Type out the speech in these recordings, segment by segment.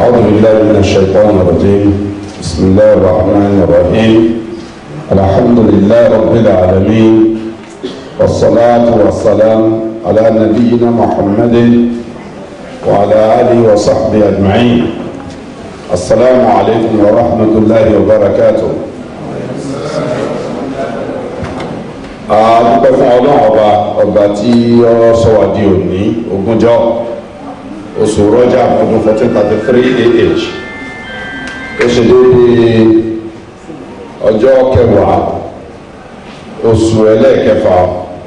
أعوذ بالله من الشيطان الرجيم بسم الله الرحمن الرحيم الحمد لله رب العالمين والصلاة والسلام على نبينا محمد وعلى آله وصحبه أجمعين السلام عليكم ورحمة الله وبركاته a dúpẹ́ fún ọlọ́run ọba ọba tí ọ̀rọ̀ sọ wá oṣù rọ́jà ọdún fourteen thirty three ah ó ṣe déédéé ọjọ́ kẹwàá oṣù ẹlẹ́ẹ̀kẹfà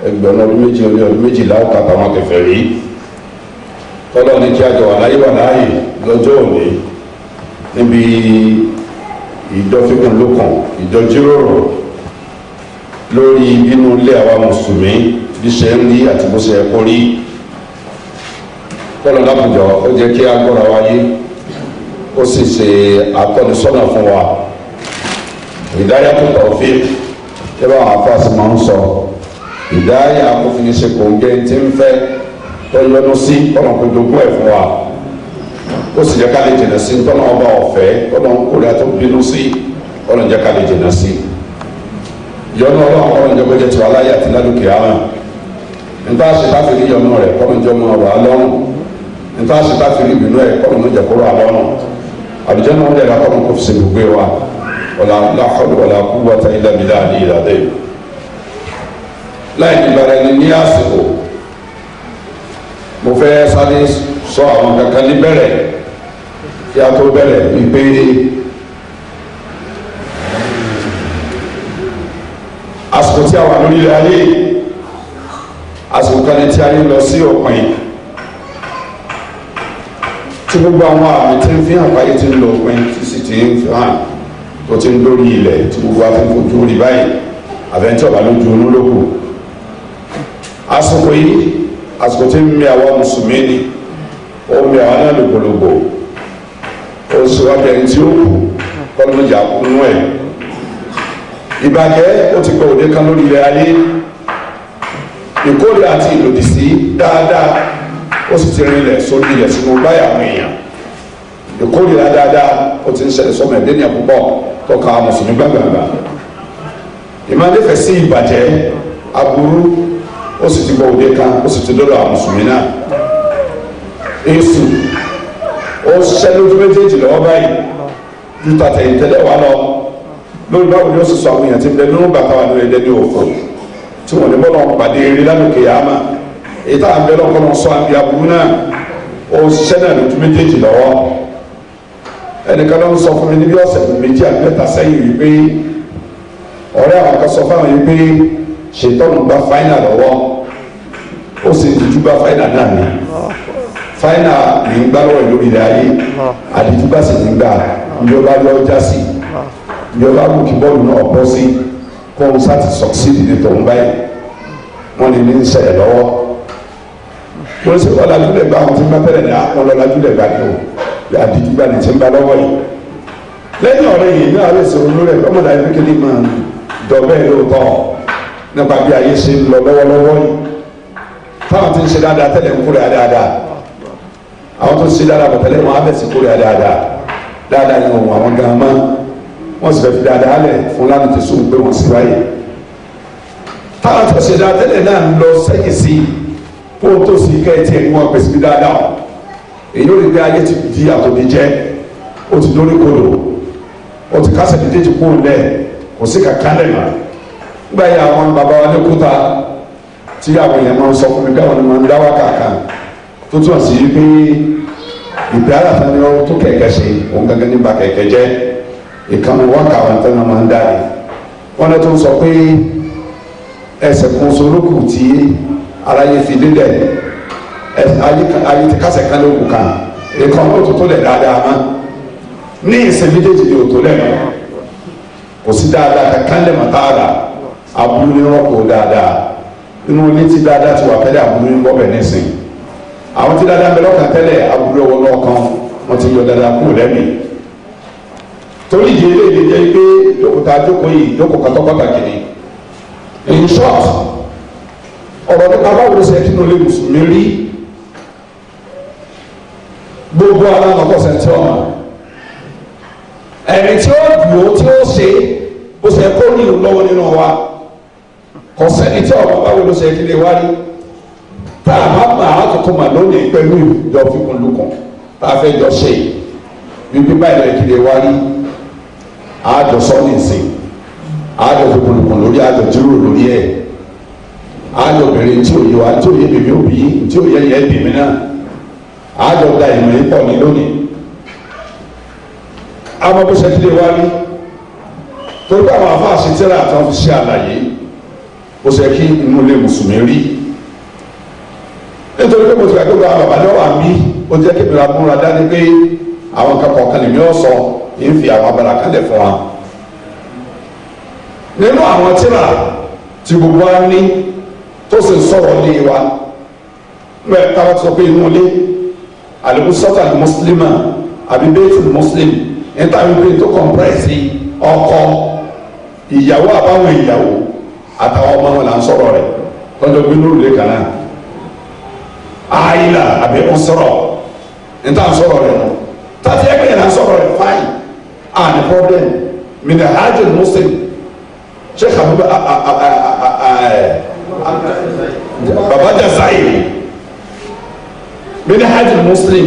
ẹgbẹ̀rún ọdún méjì ọdún ọdún méjìlá ọ̀tá àtàwọn kẹfẹ́ rí tọ́lọ́ ní kí àjọ àlàyé wà láàyè lọ́jọ́ òní níbi ìjọfíkùn lókàn ìjọjíròrò lórí bínú ilé àwa mùsùlùmí bí ṣe ń rí àti bó ṣe ẹ kó rí kọ́lọ̀ láwùjọ ó jẹ́ kí a gbọ́ra wáyé ó sì ṣe àtọ́nisọ́nà fún wa ìdáyà tó tọ̀ fi ṣé báwọn afáàsì máa ń sọ ìdáyà akófinṣe kòǹgẹ́ tí ń fẹ́ tó yọnu sí kọ́nà kó jogún ẹ̀ fún wa ó sì jẹ́ ká lè jìnà sí tọ́nà ọba ọ̀fẹ́ kọ́nà kórè àti bínú sí kọ́nà jẹ́ ká lè jìnà sí yọnu ọlọ́run kọ́nà ìjọba jẹ́ tiwa láyé àti lálùkì àrùn nígbà ṣe táfi rí yọnu rẹ̀ kọ́nà ìjọba ọ̀rọ̀ alọ́run nta si ta fi ri binu ẹ kọlọn mo jẹkọrọ alọnọ alijan na wuli ẹlakọlọn ko fi sebi gbe wa wala lahawla wala quwwata illa billah ali ila de láì nígbàdà ni ní àsìkò mo fẹ́ sáré sọ àwọn kankan ní bẹ̀rẹ̀ kí a tó bẹ̀rẹ̀ wípé àsìkò tí a wà lórí ayé àsìkò kan ní tí ayé tí gbogbo àwọn àmì tí ń fi hàn báyìí ti ń lọ òpin tí sì ti ń fi hàn tó ti ń lórí ilẹ̀ tí gbogbo afẹ́fẹ́ ojú rí báyìí àfẹ́ntì ọ̀bá lójú olólókù àsìkò yìí àsìkò tí ń mi àwa mùsùlùmí ni ó mi àwa náà lògbòlògbò ó sì wá bẹ̀rẹ̀ tí ó kù kọ́nù ìjà kúnú ẹ̀ ìbàjẹ́ ó ti pẹ́ òde kan lórí ilẹ̀ ayé ìkórè àti ìlòdì sí dáadáa ó sì ti rinlẹ̀ sórí ilẹ̀ sínú báyà àwọn èèyàn ìkórìíra dáadáa ó ti ń ṣẹlẹ̀ sọmọ ẹ̀dẹ́ ní àpòpọ̀ tọ́ka mùsùlùmí gbàgbàgbà ìmọ̀lẹ́fẹ̀ sí ìbàjẹ́ aburú ó sì ti gbọ́ òde kan ó sì ti dọ́dọ̀ àwọn mùsùlùmí náà èsù ó ṣiṣẹ́ lójú méjèèjì lọ́wọ́ báyìí ju tàtẹ̀yìn tẹ́lẹ̀ wá lọ lórí báwo ni ó sì sọ àwọn èèyàn ti ń bẹ nínú bàtà wà lórí ẹ̀dẹ́ ní òkú tí wọ́n ní bọ́lá ètò àbẹ̀lẹ̀ ọkọ̀nà sọ àbí aburú náà ó ṣiṣẹ́ náà lójú méjèèjì lọ́wọ́ ẹnìkan ló ń sọ fún mi níbi ọ̀sẹ̀ méjì àbí mẹ́ta sẹ́yìn wípé ọ̀rẹ́ àwọn kan sọ fáwọn yìí pé ṣètọ́nù gba fáínà lọ́wọ́ ó sì ń gba fáínà náà ni fáínà ní ń gbá lọ́wọ́ lórí ilẹ̀ ayé àdìtúgbà sì ní gbà ìjọba yọ ọjà sí ìjọba kò kí bọ́ọ̀lù náà bọ́ sí kóun sá ti sọ̀ksídìí ní tòun báyìí wọ́n ní ní ń lọ́wọ́ wọ́n sì wọ́n lajú lẹ̀ gba àwọn tí ń bá tẹ̀lẹ̀ ní àwọn lọ lajú lẹ̀ gba ni o àdìgbà ni ti ń ba lọ́wọ́ yìí lẹ́yìn ọ̀rẹ́ yìí ní àwọn èsì olú rẹ̀ ọmọdé ayé kékeré máa ń dọ̀bẹ́ lóòótọ́ nípa bí ayé ṣe ń lọ lọ́wọ́lọ́wọ́ yìí táwọn ti ń ṣe dáadáa tẹ́lẹ̀ ń kúrẹ́ dáadáa àwọn tó ń ṣe dáadáa bọ̀ tẹ́lẹ̀ wọn á bẹ̀ sí kúrẹ́ dáadáa dáadáa yìí wọn àwọn gan mọ́ wọn sì fẹ́ fi dáadáa lẹ̀ fún lánàá ti sùn pé wọ́n sì wáyé táwọn tó ṣe dáadáa tẹ́lẹ̀ náà ń lọ sẹ́yìn sí i kó o tó sì kẹ́ ẹ tiẹ̀ mú ọ pèsè mi dáadáa èyí ò lè gbé ayé ti di àtòdì jẹ o ti lórí kodò o ti kásẹ̀ dídé ti kó o lẹ̀ kò sí kàkà lẹ̀ mọ́ nígbà yìí àwọn bàbá wa ní kúta tí àwọn èèyàn máa ń sọ fún mi káwọn ni máa ń dá wà kàkà tó túmọ̀ sí pé ìgbé aláfa ni wọn tó kẹ̀kẹ́ ṣe òun gangan nípa kẹ̀kẹ́ jẹ́ ìkànnì wọn kà wọn tẹ́lẹ̀ máa ń dá wọn lè sọ pé ẹsẹ̀ kan solókù tí ara yẹn fi ayi ti kásẹ̀ kan lóògùn kan nǹkan náà tó tó lẹ̀ dáadáa mọ́ ní ni ò tó lẹ̀ mọ́ kò sí dáadáa kankan lẹ̀ mọ́ tààrà aburú ní rọ́pò dáadáa inú ilé ti dáadáa ti wà pẹ́lẹ́ aburú ní bọ́bẹ̀ àwọn ti dáadáa ń bẹ tẹ́lẹ̀ aburú ọwọ́ wọ́n ti yọ dáadáa kúrò lẹ́mìí torí ìdí eléyìí jẹ́ pé dókòtà jókòó yìí dókòkà tó pàtàkì in short ọ̀rọ̀ nípa báwo ló ṣe kí ló lè mùsùlùmí rí gbogbo alámọ̀kọ́sẹ̀ tí ọ̀nà ẹ̀rín tí ó dùn ó tí ó ṣe ó ṣe kó ní ìlú lọ́wọ́ nínú wa kò sẹ́ni tí ọ̀rọ̀ báwo ló ṣe kí lè wá rí tá a bá gbà á kókó mà lónìí pẹ̀lú ìjọ fíkun lukùn tá a fẹ́ jọ ṣe bíbí báyìí lè kí lè wá rí àjọ sọ́ọ̀nì sí àjọ fíkun lukùn lórí àjọ jíròrò lórí ẹ̀ àjọ bẹ̀rẹ̀ tí òye wa tí òye bèbí òbí tí òye yẹ bèbí náà àjọ da ìmọ̀ yìí pọ̀ ní lónìí. amọ̀bùsẹ̀ ti lè wá rí torí pé àwọn afáàsì tẹ́lẹ̀ àtàwọn fi ṣe àlàyé ó ṣe kí inú ilé mùsùlùmí rí nítorí pé mùsùlùmí àgbẹ̀wò àwọn bàbá náà wà mí ó jẹ́ kí ìbíra múra dání pé àwọn kankan kan lèmi ọ̀ sọ èyí fi àwọn abala kalẹ̀ fún wa nínú àwọn tírà tí gbogbo wa ní tó sì ń sọ̀rọ̀ lé wa bẹ́ẹ̀ táwa ti sọ pé inú ilé alimusọ́tà mùsùlùmá àbí bẹ́ẹ̀tì mùsùlùmí ní táwọn ìpín tó kọ̀m̀pẹ́rẹ́sì ọkọ ìyàwó àbáwọn ìyàwó àtàwọn ọmọ wọn là ń sọ̀rọ̀ rẹ̀ tọ́jú pé inú ilé kan náà àyílà àbí ọ̀sọ̀rọ̀ ní sọ̀rọ̀ rẹ̀ nù tàbí ẹgbẹ́ yẹn là ń sọ̀rọ̀ rẹ̀ fáyì àní pọ́blẹ́mù mìíràn hajj mùsùlùmí sheikh abubu Baba jàzáì mini hajj muslim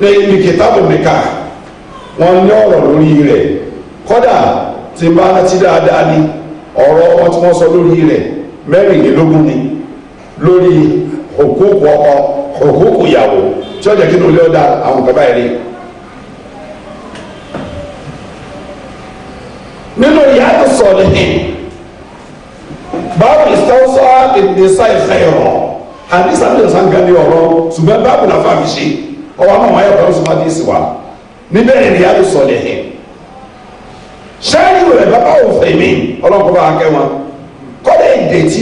ní ibi kìtàbù nìka wọn ní ọ̀rọ̀ lórí rẹ kódà tí bá rántí dáadáa ni ọ̀rọ̀ wọn tí wọ́n sọ lórí rẹ̀ ni lórí ọkọ òkúùkù ìyàwó tí ó kí ní olè nínú ìyá sọ báwo ìsọ́sọ́ ìdèsá ìfẹ́ ọ̀rọ̀ àdìsá ní ìsàn gan ni ọ̀rọ̀ ṣùgbọ́n báwo la fa mi ṣe ọwọ́ àwọn ọmọ ayọ̀bẹ̀rẹ̀ ṣùgbọ́n àdìsí wa níbẹ̀ ìrìn àjò sọ̀lẹ̀ yẹn ṣáájú rẹ̀ bàbá òfin mi ọlọ́kọ̀ bá kẹ́ wọn kọ́lé èdè tí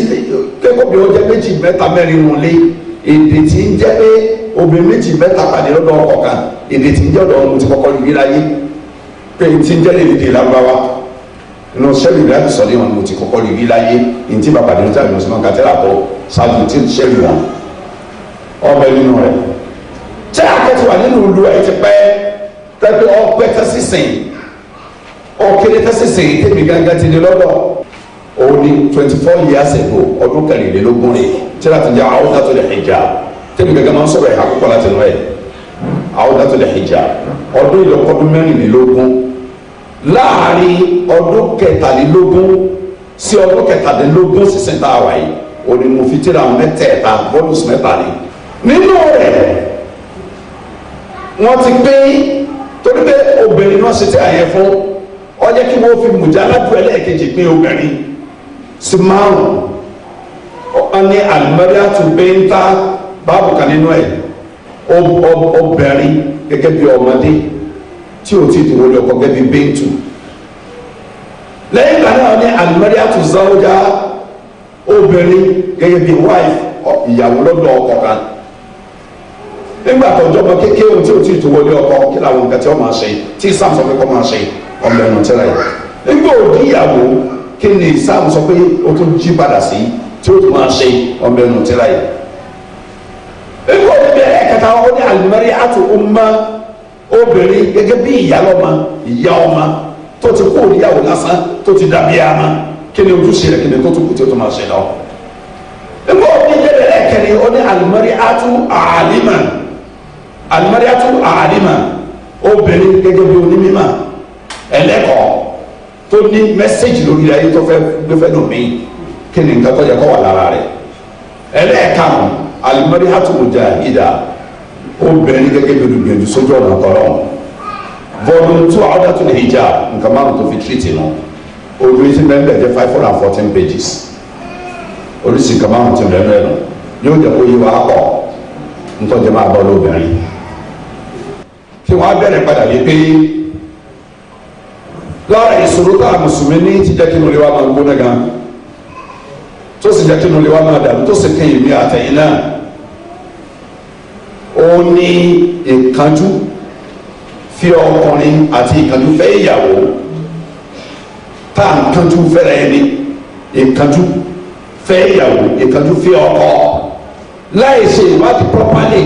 kékòbí ó jẹ́ méjì mẹ́ta mẹ́rin nù lé èdè tí ń jẹ́ pé obìnrin méjì mẹ́ta pàdé lọ́dọ̀ ọkọ̀ kan èdè tí ń jẹ́ ọ̀dọ̀ ọ̀run ti kọ́kọ́ lù yí láyé pé tí ń inú sẹ́ẹ̀lì ìdájú sọ̀lẹ́ wọn ni mo ti kọ́kọ́ rí rí láyé ní tí bàbá nínú tàbí ọ̀sán kan tẹ́lá bọ́ ṣáájú tí ń sẹ́ẹ̀lì wọn ọbẹ̀ nínú rẹ̀ tẹ́ akẹ́tù wà nínú ìlú ẹ̀ ti pẹ́ tẹ́tù ọpẹ́ tẹ́sísìn ọkẹ́lẹ́ tẹ́sísìn tẹ́mi gángan ti di lọ́dọ̀ òun ni twenty four years ago ọdún kẹrìnlélógún rẹ̀ tẹ́lá ti di àwọn dàtò lè tẹ́mi láàrin ọdún kẹtàlélógún sí ọdún kẹtàlélógún sísìn tá a wà yìí òní mẹ́tẹ̀ẹ̀ta bọ́lùs mẹ́ta ni. nínú rẹ̀ wọ́n ti pín torí pé obìnrin náà ṣe tí a yẹ fún ó jẹ́ kí wọ́n fi mùjá lábúrẹ́ lẹ́ẹ̀kejì pín obìnrin sí márùn-ún wọ́n ní alimọ́dá tún bẹ́ẹ̀ ń ta báàbù kan nínú ẹ̀ obìnrin gẹ́gẹ́ bí ọmọdé tí o ti tòwó lọ kọ́ gẹ́gẹ́ bẹ́ẹ̀tù lẹ́yìn ìgbà náà ní alimẹ́ríàtù záwọ́jà obìnrin gẹ́gẹ́ bíi wife ìyàwó lọ́dọ̀ ọkọ kan nígbà tó jọba kékeré ohun tí o ti tòwó lé ọkọ kí làwọn nǹkan tí wọ́n máa ṣe tí sam sọ pé kọ́ máa ṣe ọmọ ẹ̀nà tẹ́lẹ̀ nígbà òdi ìyàwó kí ni sam sọ pé o tún jí padà sí tí o tún máa ṣe ọmọ ẹ̀nà tẹ́lẹ̀ nígbà òdi bẹ́ẹ̀ kẹta ó ní obìnrin gẹ́gẹ́ bí ìyá lọ́mọ ìyá ọmọ tó ti kó níyàwó lásán tó ti dàbí àmọ́ kí ni ojúṣe rẹ̀ kí ni tó tún kù tí ó tún máa ṣe lọ. nígbà òbí jẹ́ bẹ̀rẹ̀ kẹ́ni ó ní alimari atu alima alimari atu alima obìnrin gẹ́gẹ́ bí onímọ̀ ẹlẹ́kọ̀ọ́ tó ní mẹ́sẹ̀gì lórí ayé tó fẹ́ gbé fẹ́ lómi kí ni nǹkan tó yẹ kó wà lára rẹ̀ ẹlẹ́ẹ̀kan alimari atu mujahida obìnrin gẹ́gẹ́ bí olùgbìyànjú sójú ọ̀nà tọ̀rọ̀ volume two awdatul hijab nǹkan márùn tó fi tírìtì nù obìnrin ti bẹ́ẹ̀ bẹ́ẹ̀ jẹ́ five hundred and fourteen pages oríṣi nǹkan márùn ti bẹ́ẹ̀ bẹ́ẹ̀ nù yóò jẹ́ kó yí wa kọ̀ ntọ́jẹ́ máa bọ́ lóbìnrin tí wọ́n á bẹ̀rẹ̀ padà yí pé lára ìṣòro tá a mùsùlùmí ní ti jẹ́ kí nulẹ̀ wa máa gbóná gan tó sì jẹ́ kí nulẹ̀ wa máa dàrú tó sì kẹ́yìn mi àtẹ̀yìn náà òun ni ìkanjú fi ọkùnrin àti ìkanjú fẹ́ ìyàwó tá à ń kanjú fẹ́rẹ̀ ẹni ìkanjú fẹ́ ìyàwó ìkanjú fi ọkọ láì ṣe ìwádìí properly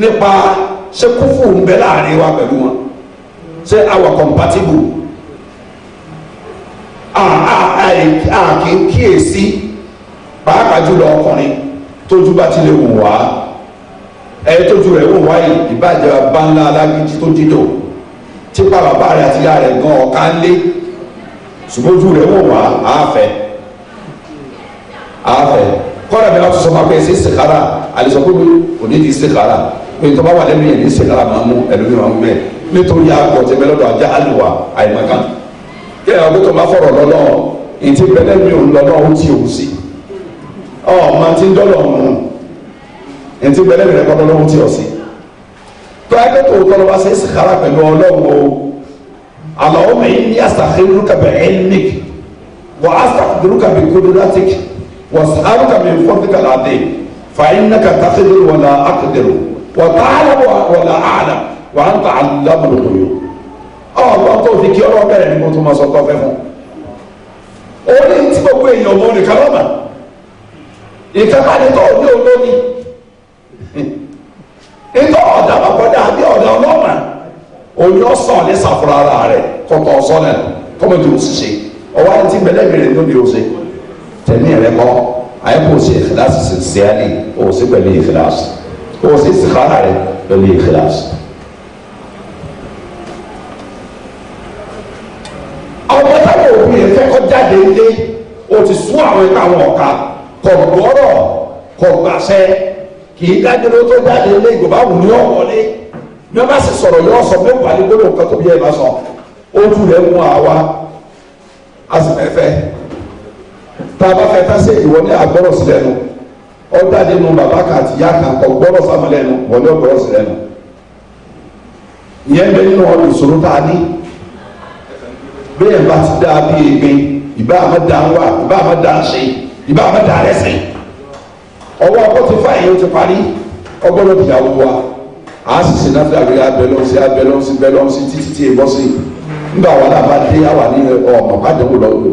nípa ṣé kúfù ń bẹ láàrin wa pẹ̀lú wọn ṣé àwa compatible àkínkíyèsí pàápàá jùlọ ọkùnrin tójú bá ti lè wù wá ẹni tó ju rẹ̀ wò wáyé ìbàjẹ́ bàbá ńlá alágídí tó dìtò típa bàbá rẹ̀ àti ìyá rẹ̀ gan ọ̀ká ń lé ṣùgbọ́n ju rẹ̀ wò wá àáfẹ́ àáfẹ́ kọ́ra mi láti sọ ma pé ṣe ṣèkára àlìsọ pé kò ní ti ṣèkára pé tọ́ba wà lẹ́nu yẹn ní ṣèkára máa mú ẹlòmíràn máa mú bẹ́ẹ̀ nítorí àpọ̀ tẹ bẹ́ẹ̀ lọ́dọ̀ ajá àlùwà àìmọ̀kan kí ẹ̀rọ pé tó bá fọ̀rọ̀ lọ́lọ́ ètí bẹ́ẹ̀ lẹ́nu yẹn lọ́lọ́ ó ti òun sí ọ̀ máa ti ń dọ́lọ̀ mú ẹni tí bẹ̀rẹ̀ mi rẹ kọ́ lọ́wọ́ tí o sí tó ẹgbẹ́ tó tọ́lọ́ wá sí istikhara pẹ̀lú ọlọ́wọ́ Allahumma inni astakhiruka bi ilmik wa astaqdiruka bi qudratik wa as'aluka min fadlika al-'azim fa innaka taqdiru wa la aqdiru wa ta'lamu wa la a'lam wa anta 'allamul ghuyub ọ̀rọ̀ fi kí ọ̀rọ̀ bẹ̀rẹ̀ ni mo máa sọ tọ́ fẹ́ fún orí tí gbogbo èèyàn mọ́ nìkan lọ́mà ìkápá ni tó ní olómi ètò ọ̀dà bàbọ̀dà àbí ọ̀dà ọlọ́mà òun yóò sàn ní sàfúrà ara rẹ̀ kọ̀tọ̀ sọ́nà kọ́mọ̀ tó sì ṣe ọwọ́ ayé tí bẹ́lẹ̀ mi rẹ̀ ló ní o ṣe tẹ̀mí rẹ̀ kọ́ ayé kò ṣe ìfìlásì sincerely o ṣe pẹ̀lú ìfìlásì o ṣe ìsìkára rẹ̀ pẹ̀lú ìfìlásì. àwọn táwọn òbí rẹ̀ fẹ́ kọ́ jáde ilé o ti sún àwọn ẹ̀ka àwọn ọ̀ka kọ̀ọ̀gbọ́rọ̀ kọ̀ọ̀gbàṣẹ́ kìí dájúdó tó jáde ilé ìgbòba wù ní ọ̀wọ́lé ní wọ́n bá sì sọ̀rọ̀ yọ sọ mẹ́wàá ní gbọ́dọ̀ nǹkan tó bí ẹ bá sọ ojú rẹ mú àwa a sì mẹ́fẹ́ tá a bá fẹ́ tá ìwọ ní sí lẹ́nu ọ̀dà nínú bàbá kan àti ìyá kan lẹ́nu wọ́n ní sí lẹ́nu ìyẹn bẹ nínú ọdún ìṣòro tá a ní bẹ́ẹ̀ bá ti dá bí ìbá àmọ́ dá ń wà ìbá àmọ́ dá ń ọwọ́ ọkọ ti fà yín ti parí ọgbọ́dọ̀ ìyàwó wa a sì sin náà fúlàbí abẹ́lọ́sí abẹ́lọ́sí bẹ́lọ́sí títí tí èèbọ́ nígbà wà lába dé àwà ní ọmọ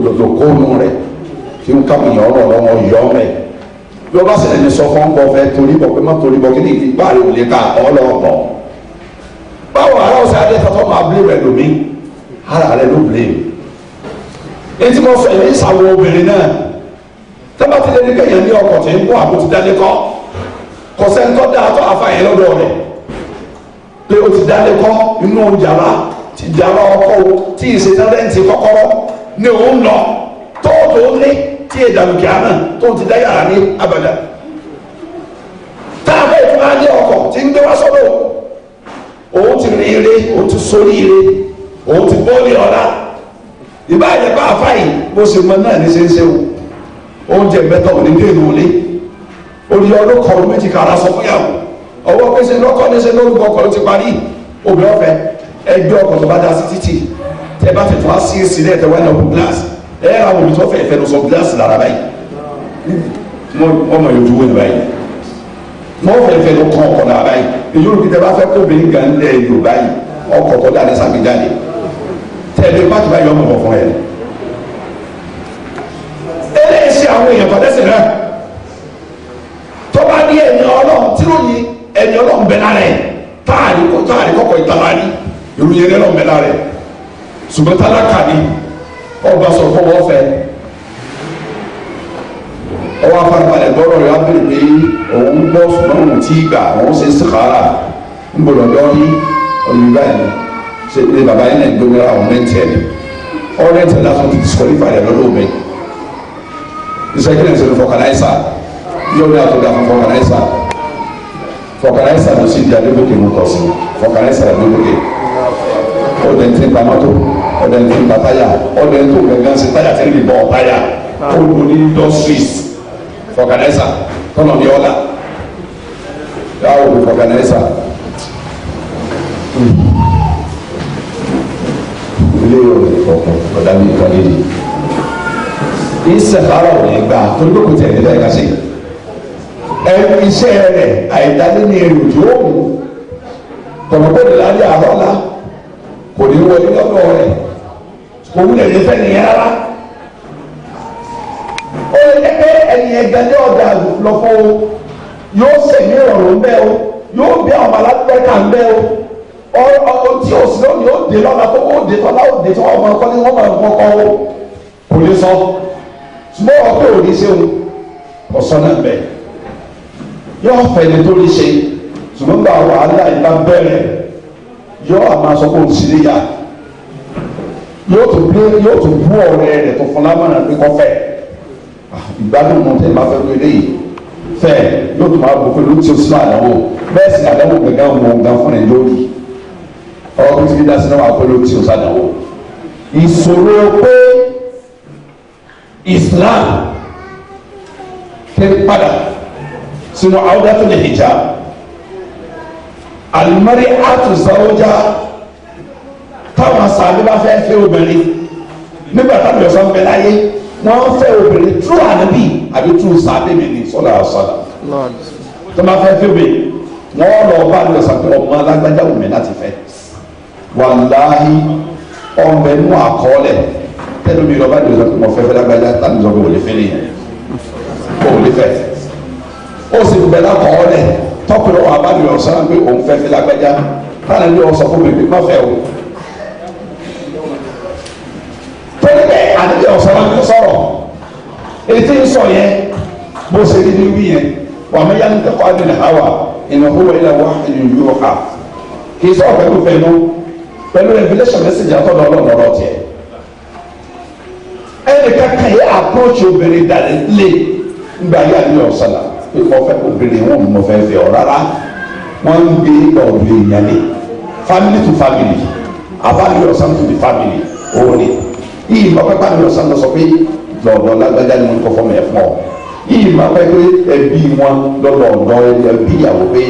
lọ́dọ̀ kóònù rẹ̀ ọ́ rẹ̀ bí sọ fún ọkọ̀ fẹ́ torí bọ̀ pé ni ka ọlọ́ọ̀pọ̀ báwo ọ̀sẹ̀ adé tọ́tọ́ máa rẹ̀ lómi ara rẹ̀ ló tẹ́lá ti lè ní kẹ́yìn ní ọkọ̀ tí ń kó àbò ti dání kọ́ kò sẹ́ńtọ́ dáa tó àfa yẹn lọ́dọ̀ rẹ̀ pé o ti dání kọ́ inú yàrá ti yàrá ọkọ̀ o tí ì ṣe tẹ́lẹ̀ǹtì kọ́kọ́rọ́ ni òun lọ tó tó ní tí ì dàlùkì àná tó ti dá yàrá ní abàdà táàbà ìfúnná ní ọkọ̀ tí ń gbé wá sọ́dọ̀ òun ti rí ire òun ti sórí ire òun ti bọ́ọ̀lì ọ̀la ìbáyẹ̀pá àfáyì bó ṣe mọ náà ní ṣe ń ṣe wò oúnjẹ mẹ́ta ò ní dé ìlú ilé olè ọlọ́kọ̀ ọdún méjì kára sọ fún yàwó ọwọ́ pèsè lọ́kọ̀ ní ṣe lórúkọ ọkọ̀ ló ti parí obìnrin ọ̀fẹ́ ẹgbẹ́ ọkọ̀ tó bá dá sí títì tẹ bá fẹ̀ tó a sí èsì rẹ̀ tẹ wá ní ọkọ̀ gíláàsì ẹ ẹ àwọn olùtọ́ fẹ̀ fẹ́ lọ sọ gíláàsì lára báyìí wọ́n mọ̀ yóò dúró ní báyìí wọ́n fẹ́ fẹ́ lọ kọ́ ọkọ̀ lára báyìí èyí ò tẹ bá fẹ́ kó obìnrin gan lẹ̀ yóò àwọn èèyàn tọ́lẹ́sìn náà tó bá ní ẹ̀yìn ọlọ́run tí ló ní ẹ̀yìn ọlọ́run bẹ lára ẹ̀ táàrí kọ́ táàrí kọ́kọ́ ìtara ní ìlú yẹn lọ́run bẹ lára ẹ̀ ṣùgbọ́n tálákà ni ọba sọ̀rọ̀ fọwọ́ fẹ́ ọwọ́ afárúbalẹ̀ gbọ́dọ̀ rẹ̀ ábẹ̀rẹ̀ pé òun gbọ́ ṣùgbọ́n òun tí gbà òun ṣe sàkárà ń gbọ́dọ̀ lọ ní ọ̀yìnbá yìí ṣe bàbá yẹn náà gbé wọn àwọn mẹ́tẹ̀ẹ̀ni ọ̀rẹ́tẹ̀ Israeli sɛ no fɔkalaisa yɔbi ato da fɔ fɔkalaisa fɔkalaisa do si di adeboke mo kɔsi fɔkalaisa la adeboke ɔdɛ ntɛ ba mɔto ɔdɛ ntɛ ba taya ɔdɛ ntɛ o gɛgɛ se taya tɛ ni bɔ ɔtaya ɔdo ni industries fɔkalaisa tɔnɔ bi ɔla yawo do fɔkalaisa ilé yóò lè fɔkɔ ɔdabi ìkàlẹ́ yìí ní sẹ̀fárà ò ní gbà torí pé kò tẹ̀ nílẹ̀ ká sí. ẹnu iṣẹ́ rẹ̀ àìdálé ní èrò tí ó mú kọ̀mọ̀kọ́dé láàrin àrọ́lá kò ní wọlé lọ́dọ̀ rẹ̀ kò wúlò ní fẹ́ nìyẹn rárá. ó lè jẹ́ pé ẹni ẹ̀gbẹ́ ní ọ̀dà lọ́fọ́ o yóò sẹ̀yìn ìrọ̀rùn bẹ́ẹ̀ o yóò bí àwọn alátẹ́ka ń bẹ́ẹ̀ o ọ̀rọ̀ tí o sì lónìí ó dé lọ́la tó ó dé tọ́lá ó dé tọ́lá ọmọ ọkọ ní wọ́n máa ń kọ́kọ́ o kò lè sọ ṣùgbọ́n ọkọ ò ní ṣeun ọ̀sán náà bẹ̀ yóò fẹ́ ni tó ní ṣe ṣùgbọ́n gba wàhálà ìbá bẹ̀rẹ̀ yóò àmọ́ aṣọ kò sí níyà yóò tún bí yóò tún bú ọ̀rẹ́ rẹ̀ tó fún lámọ̀nà pé kọ́ fẹ́ ah, ìgbádùn mọ́ tẹ́ bá fẹ́ wí léyìí fẹ́ yóò tún máa bọ̀ pé ló ti o sínú àdánwò bẹ́ẹ̀ sì àdánwò gbẹ̀gá wọn gan fún ẹ̀ lórí ọ̀rọ̀ tó ti fi dá sínú àpẹẹrẹ ló ti o sádánwò ìṣòro pé islam tẹ́lẹ̀ padà sínú awdatul hijab alimari atu zawuja táwọn sàbí bá fẹ́ fẹ́ obìnrin nígbà táwọn yọ̀sán bẹ láyé wọ́n fẹ́ obìnrin tú ànábì àbí tú sàbí mi ní sọ́lá sọ́lá tó bá fẹ́ fẹ́ obìnrin wọ́n lọ bá yọ̀sán pé ọmọ alágbájá wù mí láti fẹ́ wàláhi ọmọ ẹnu àkọọ́lẹ̀ tẹnu mi lọba dùn sọ pé mo fẹ́ fẹ́ lágbájá tàbí sọ pé òun lè fẹ́ lè yẹn òun lè fẹ́ ó sì bẹ̀ lọ́kọ̀ ọ́ lẹ̀ tọkùnrin wa bá mi lọ sọ pé òun fẹ́ fẹ́ lágbájá tàbí ni wọ́n sọ fún mi pé má fẹ́ o. torí bẹ́ẹ̀ àdébí ọ̀sán máa ń sọ̀rọ̀ ètí ń sọ yẹn bó ṣe rí ní wí yẹn wà mí yára tẹ́kọ̀ọ́ àdìrẹ àwà ìnáwó ilẹ̀ wà ìlú yóò kà kì í sọ̀rọ̀ pẹ̀lú pẹ̀lú pẹ̀lú revelation ẹnìkan kan yẹ approach obìnrin dàrí lé nígbà yà ní ọ̀sánà ìfọ̀ fẹ́ obìnrin wọn mọ̀ fẹ́ fẹ́ ọ rárá wọ́n ń gbé ìgbà obìnrin yẹn ni family to family àbáyọ ọ̀sán to the family òun ni yìí máa pẹ́ pàdé ọ̀sán lọ sọ pé lọ́dọ̀ lágbájá ni mo kọ́ fọ́ mi ẹ̀ fún ọ yìí máa pẹ́ pé ẹbí wọn lọ́dọ̀ ọ̀dọ́ ẹbí ìyàwó pé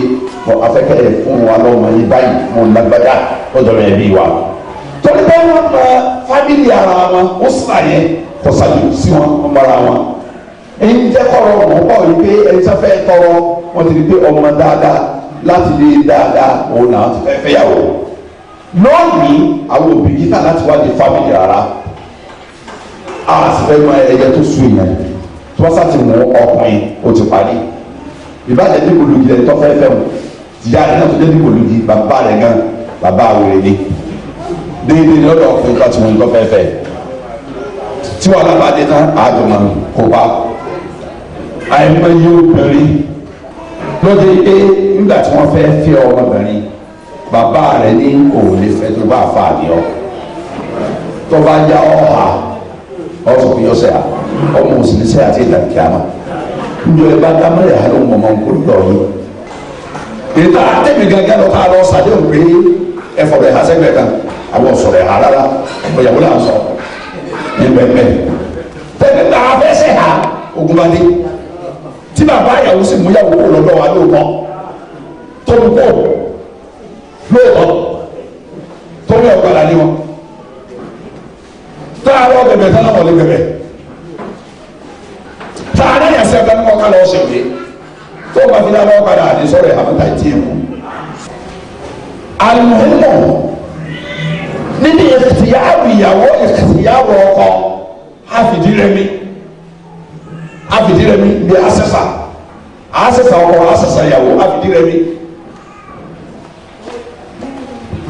afẹ́kẹ́ ẹ̀ fún wa lọ́mọ yìí báyìí mo lágbájá lọ́dọ̀ ẹbí wa torí bẹ́ẹ̀ wọ́n gba fámìlì ara wọn ó sàn yẹn kọ̀sàjù sí wọn wọn mọ́ra wọn ẹni jẹ́ kọ́rọ̀ ọmọ ọ̀pá òní pé ẹni sẹ́fẹ́ tọrọ wọn ti di pé ọmọ dáadáa láti lé dáadáa òun náà ti fẹ́ fẹ́yàwó lónìí àwọn òbí yìí náà láti wá di fámìlì rárá a sì fẹ́ mọ ẹyẹ tó sùn yẹn tí wọ́n sá ti mú ọkùnrin ó ti parí ìbàdàn ní olùdí ẹni tó fẹ́ fẹ́ wọn tìyá rẹ náà tó débi kòlù di bàbá rẹ gan bàbá wèrè ni déédéé lọ́dọ̀ ọ̀fìn tó ti wọn tó fẹ́ẹ́ fẹ́ tí wàhálà bá dé tán àdùnmọ̀ kó pa àìmọye obìnrin lóde pé nígbà tí wọ́n fẹ́ fẹ́ ọmọbìnrin bàbá rẹ̀ ní òun lè fẹ́ tó bá fà ní ọ tó bá yá ọ hà ọ sọ fún yọsẹ à ọmọ òsì ní sẹ́yà tí ìdàgbé àmà njọ ẹ bá dámẹ́rẹ̀ hà ló ń mọ̀mọ́ nkúrú lọ́ọ̀lù ètò àtẹ̀mí gángan lọ́ka lọ́ọ́ sàdéhùn pé ẹ̀fọ́ rẹ̀ hà sẹ́gbẹ̀ẹ́ kan àwọn ọ̀sọ̀rọ̀ ẹ̀ hà rárá ọ̀yàwó là ń sọ̀rọ̀ ẹgbẹgbẹ tẹbi gba afẹsẹ ha ogunbade tí bàbá ìyàwó sì múyàwó kó lọ́dọ̀ wa lóòótọ́ tó ń kó lóòótọ́ tó ń yẹ ọgbàlá ni wọn tá a lọ bẹbẹ tá a lọ wọlé bẹbẹ tá a náà yà sẹ ẹgbẹ mímọ ká lọ sí òde tó o bá fi dá lọ padà àdìsọ̀rọ̀ ẹ àbúta ìtì ẹ mọ alimuhumọ níbi ìfìyàwó ìyàwó ìfìyàwó ọkọ àfìdírẹmi àfìdírẹmi bí asẹsà asẹsà ọkọ asẹsà ìyàwó àfìdírẹmi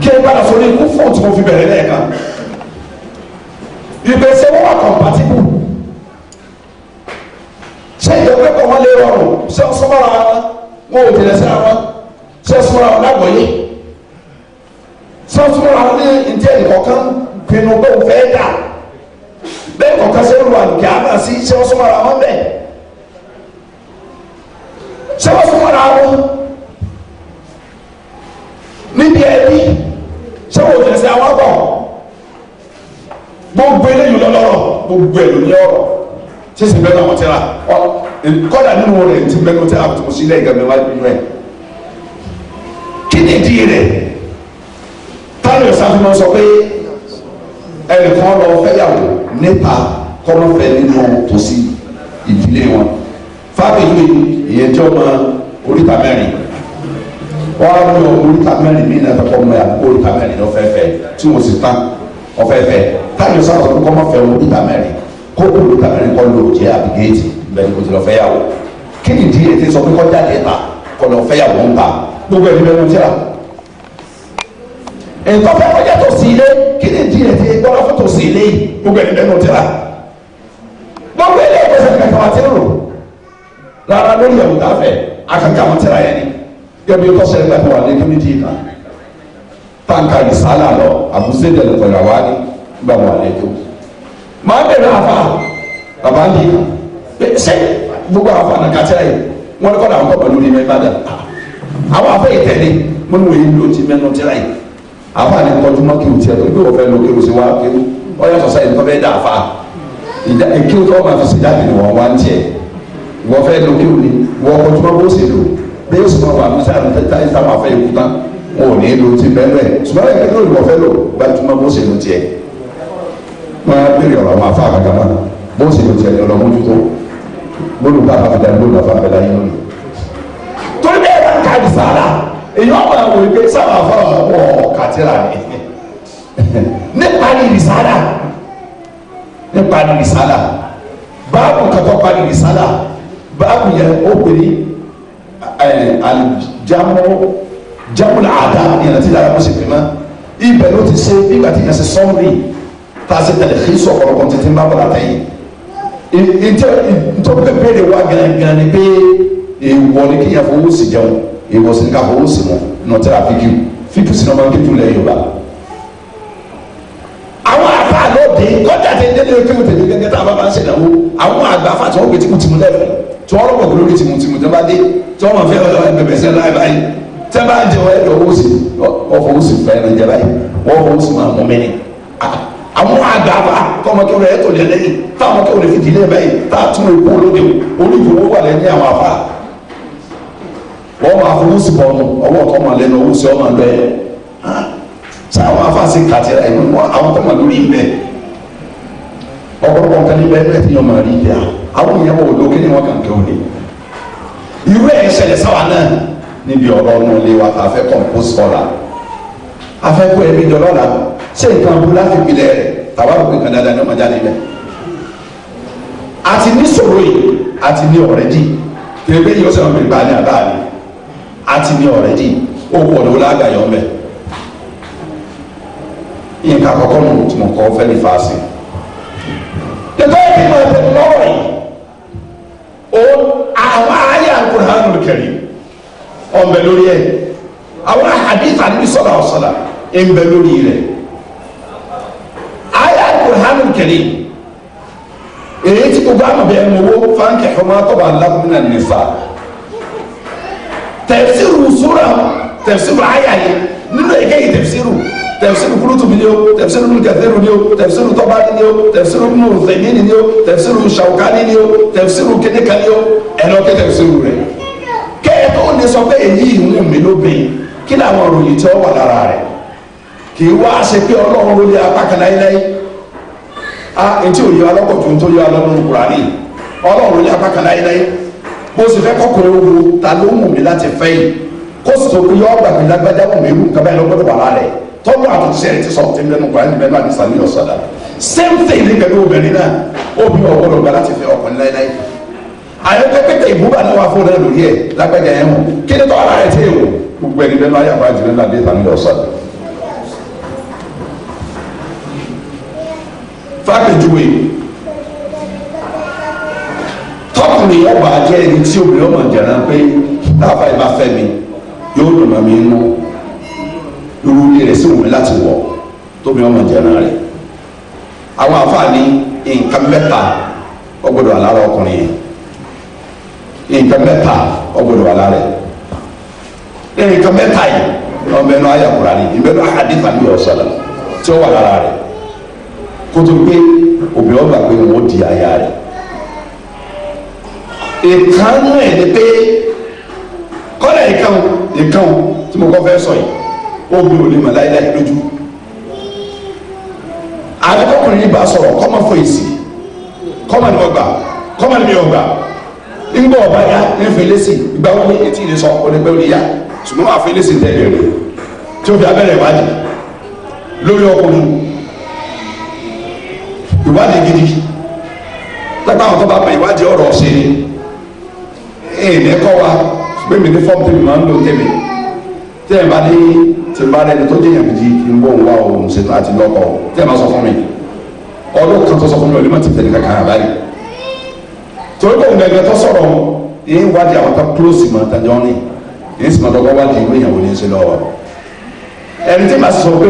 kí ẹ gbàdá sọ ní ikú fún tí mo fi bẹ̀rẹ̀ lẹ́ẹ̀kan ìgbésẹ̀ wọn wà kọ̀mpátìbù ṣé ìyàwó ẹ̀kọ́ wọn lè rọrùn ṣé ọsùnmọ́ra wọn ò tẹ̀lé sí àwọn ṣé ọsùnmọ́ra wọn lágbọ̀ọ́yé sọ fún wa ní ntẹ́ nìkọ̀kan pinnu bó fẹ́ dà bẹ́ẹ̀ kọ̀kan sẹ́yìn lu àlùkí àmà sí ṣé wọ́n súnmọ́ ara wọn bẹ́ẹ̀ ṣé wọ́n súnmọ́ ara wọn níbi ẹbí ṣé wọ́n jẹ̀ sí àwọn àgbọ̀ gbogbo eléyìí lọ́lọ́rọ̀ gbogbo ẹ̀ ló ní ọ̀rọ̀ ṣé sì bẹ́ẹ̀ náà wọ́n ti ra kọ́dà nínú rẹ̀ ti bẹ́ẹ̀ ló ti ra àbùtùmọ̀ sílẹ̀ ìgbà mẹ́wàá nínú ẹ̀ kí ni ìdí rẹ̀ sani ọ̀sán fún mi sọ pé ẹnìkan lọ fẹ́yàwó nípa kọ́nọ́fẹ́ nínú tòsí ìdílé wọn fábíyì ìyẹn tí ọmọ oríta mẹ́rin wọ́n á lọ oríta mẹ́rin mí náà fẹ́kọ̀ọ́ mọ́ àkókò oríta mẹ́rin lọ́fẹ́fẹ́ tí wọ́n sì tán ọ̀fẹ́fẹ́ táyọ̀ ọ̀sán sọ pé kọ́nọ́fẹ́ oríta mẹ́rin kókò oríta mẹ́rin kọ́ ló jẹ́ àbígẹ́ẹ̀tì bẹ́ẹ̀ni kò ti lọ fẹ́yàwó kí nìdí ètè sọ pé kọ́ jáde ta kọ́ lọ fẹ́yàwó ń ta gbogbo nǹkan fẹ́ kọjá tó sí ilé kí ni ìdí rẹ̀ ti gbọ́dọ̀ fún tó sí ilé yìí gbogbo ẹni lẹ́nu ti rà gbogbo ilé ìgbésẹ̀ kẹta wa ti rò rárá lórí ẹ̀wù dáfẹ́ akẹ́kẹ́ àwọn tẹ̀ra yẹn ni gẹ́gẹ́ bí ó tọ́sẹ̀ nígbà tó wà ní kúndí ìgbà táǹkà ìsálà lọ àbúṣe ìdẹ̀lẹ̀ pẹ̀lú àwa ní gbà wà lẹ́jọ́ máa bẹ̀rẹ̀ àfa bàbá ń dìgbà ṣé gbogbo àfa nà kátẹ́rẹ́ yìí kọ́ àfa ni tọ́jú mọ́ kiri tiẹ̀ tó gbé wọ́n fẹ́ lo kiri sí wa kiri ọ̀yà sọ̀sá yìí tó fẹ́ dà fa ìdá èkiri tó máa fi sí dábì ni wọ́n wá ń tiẹ̀ wọ́n fẹ́ lo kiri ni wọ́n kọjú mọ́ bó ṣe lò bẹ́ẹ̀ sọ ma wà mísà tẹ́tà ìta máa fẹ́ ikú tán wọn ò ní lo ti bẹ́ẹ̀ bẹ́ẹ̀ ṣùgbọ́n ẹ̀kẹ́ ló wọ́n fẹ́ lò gbájú mọ́ bó ṣe lo tiẹ̀ máa bèrè ọ̀rọ̀ àwọn afá àgàgà mọ́ bó ṣe lo tiẹ̀ lọ́mọ ojútó gbọ́dọ̀ bá àfàdà gbọ́dọ̀ àfàdà yín lónìí. torí bẹ́ẹ̀ èyí ọ̀pọ̀ àwọn ìgbé sábà fáwọn ọ̀pọ̀ kàtírà ni nípa ní ìrìsálà nípa ní ìrìsálà báàbù kàtọ́ pa ní ìrìsálà báàbù yẹn ó pè ní alijamu jamul ada yẹn ti dára mọ́sí pè mọ́ ibẹ̀ ló ti ṣe nígbà tí yẹn ṣe sọ́ọ̀rì tá a ṣe tẹ̀lé kí sọ̀kọ̀rọ̀kọ̀ tètè ń bá bọ̀ látẹ̀yìn ìtọ́ pépé de wá pé èèwọ̀ ni kí yẹn fowó sì jẹun èèwọ̀ sí ní ká fọwọ́ sí wọn nù tẹ́lá fíkì fíkì sí ní ọmọ kékeré lẹ́yìn yorùbá. àwọn àfa lóde kọ́jà tẹ délé kéwù tẹ̀lé gẹ́gẹ́ tá a bá bá ń ṣèdánwó àwọn àgbà fà tí wọ́n gbé tìmùtìmù lẹ́fẹ̀ẹ́ tí wọ́n rọ̀gbọ̀gbọ̀ lórí tìmùtìmù tó bá dé tí wọ́n mọ̀ fẹ́ bẹ̀bẹ̀ sẹ́ láì báyìí tẹ́ bá jẹ wọ́n ẹ̀dọ̀ wọ́sì ọ̀fọ̀wọ́sì fẹ́ẹ́ jẹ báyìí wọ́n fọwọ́sì máa mú mẹ́rin àwọn àgbà bá tọmọ kẹwàá ẹ̀ tó lẹ́lẹ́yìn táwọn kẹwàá fi dìlẹ́ báyìí tá a tún lè kó olóde oníjòwò wà lẹ́ni àwọn àfa wọ́n máa fowó sí bọ̀ ọ̀nù ọwọ́ kan máa lẹ́nu owó sí ọmọ lọ ẹ̀ sá àwọn afáàsì kàtẹ́rà ìwé wọn àwọn kan máa lórí ibẹ̀ ọ̀pọ̀lọpọ̀ nǹkan níbẹ̀ ẹ̀ ti yàn máa rí ibẹ̀ àwọn èèyàn wọ̀ lókè ní wọn kàn kẹ́ òní irú ẹ̀ ṣẹlẹ̀ sáwà náà níbi ọ̀rọ̀ ọ̀nà ilé wa kà fẹ́ compose kọ́ra afẹ́kọ́ ẹ̀mí jọ lọ́la ṣé nǹkan bú láti gbilẹ̀ rẹ̀ tàwa rò pé nǹkan dáadáa ni ó máa jáde bẹ́ẹ̀ àti ní sòrò yìí àti ní ọ̀rẹ́dì tẹ̀lé yìí ó sọ̀rọ̀ mi àti ní ọ̀rẹ́dì ó pọ̀lú lágàyọ̀ mẹ́ nǹkan àkọ́kọ́ nù tí mo kọ́ fẹ́ lè fa sí nípa ẹ̀mí máa tẹ̀lé lọ́rọ̀ yìí o àwọn ayé Al-Qur'anul Karim ọ̀nbẹ lórí ẹ̀ àwọn àdìsá níbi sọ̀rọ̀ ọ̀sọ̀rọ̀ ẹ̀ ń bẹ lórí rẹ̀ ayé Al-Qur'anul Karim èyí tí gbogbo àmọ̀ bẹ́ẹ̀ mọ̀ wó fáńkì ọmọ akọ́bà ńlá gómìnà nìsa tẹ̀síru súra tẹ̀síru àyà yìí nínú èké yìí tẹ̀síru tẹ̀síru kúrútùmí ni o tẹ̀síru nùjẹ̀dẹ́rù ni o tẹ̀síru tọ́bádé ni o tẹ̀síru nùzẹ̀mí ni o tẹ̀síru ṣàwùkání ni o tẹ̀síru kíníkà ni o ẹ̀rọ kẹ́ tẹ̀síru rẹ̀ kẹ́ẹ̀tọ́ ní sọ pé èyí ìwọ̀n mi ló bẹ̀ kí làwọn ròyìn tí ó wà lára rẹ̀ kì í wá ṣe pé ọlọ́run ló lé apá kan láéláé a ètí òye alọ́kọ̀tún tó mo sì fẹ́ kọkùnrin ogun ta ló wù mí láti fẹ́ yìí kó sì tó bí yọ ọgbà mi lágbájá wù mí irú nǹkan báyìí lọ́gbọ́dọ̀ wà lálẹ́ tọ́lú àtúnṣe rẹ̀ ti sọ̀rọ̀ tí mẹ́nu kura ní mẹ́nu àdìsá ní ọ̀sọ̀dà same thing ní pẹ̀lú obìnrin náà obì ọ̀gbọ́dọ̀ gba láti fẹ́ ọkùnrin láéláé àyọ̀ pẹ́pẹ́tẹ̀ ìbúra náà wà fún náà lórí lágbájá yẹn wò kí ni tọ́lá rẹ̀ ti wò gbogbo ẹni mẹ́nu ayé àbájú mẹ́nu àdìsá ní ọ̀sọ̀dà. fáàkì tọkùnrin yẹn wàá jẹ́ ẹni tí obìnrin ọmọ jẹ̀rán pé láfa ìbá fẹ́ mi yóò dùn mọ́ mi nú irú ilé rẹ̀ sì wù mí láti wọ̀ tóbi ọmọ jẹ̀rán rẹ̀ àwọn àfààní nǹkan mẹ́ta ọgbọ́dọ̀ alára ọkùnrin yẹn nǹkan mẹ́ta ọgbọ́dọ̀ alára rẹ̀ nǹkan mẹ́ta yìí ọmọ ẹnu ayàkùnrin ni ìbẹ́nu àdìgbà ní ọ̀sán tí ó wà lára rẹ̀ kótó pé obìnrin ọgbà pé wọ́n di aya rẹ̀ nǹkan nù ẹ̀ ni pé kọ́lẹ̀ nǹkan nǹkan tí mo kọ́ fẹ́ sọ yìí ó gbé òní mọ̀ láíláí lójú àdókòkùnrin yìí bá sọ̀rọ̀ kọ́mọ fọ èsì kọ́mọ ni ọgbà kọ́mọ ni mi ọgbà nígbà ọba ya ní fèlésì ìgbà wọlé etí ìlẹsọ onígbẹ́ òní ya ṣùgbọ́n wà fèlésì tẹ̀lé rẹ̀ tí ó fi abẹ́rẹ́ ìwádìí lórí ọkùnrin ìwádìí gidi lápá àwọn tó bá pa ìwádìí ọ̀rọ̀ ọ̀sẹ̀ ni èèyàn kọ́ wa pé mi ní fọ́ọ̀mù tèmi máa ń lò tèmi tẹ́yìn bá dé tí bá dé ẹni tó jẹ́yàn gidi kí n bọ̀ wá òun ṣètò àti lọ́kọ̀ tẹ́yìn bá sọ fún mi ọdún kan tó sọ fún mi ò ní má ti tẹ̀lé kankan àbáyé torí pé òun gẹ́gẹ́ tó sọ̀rọ̀ yìí wádìí àwọn tó close mọ̀ tàjọ́ ní yìí sì máa dọ́gbọ́ wádìí ìwé ìyàwó ní í ṣe lọ́wọ́ ẹni tí màá sọ pé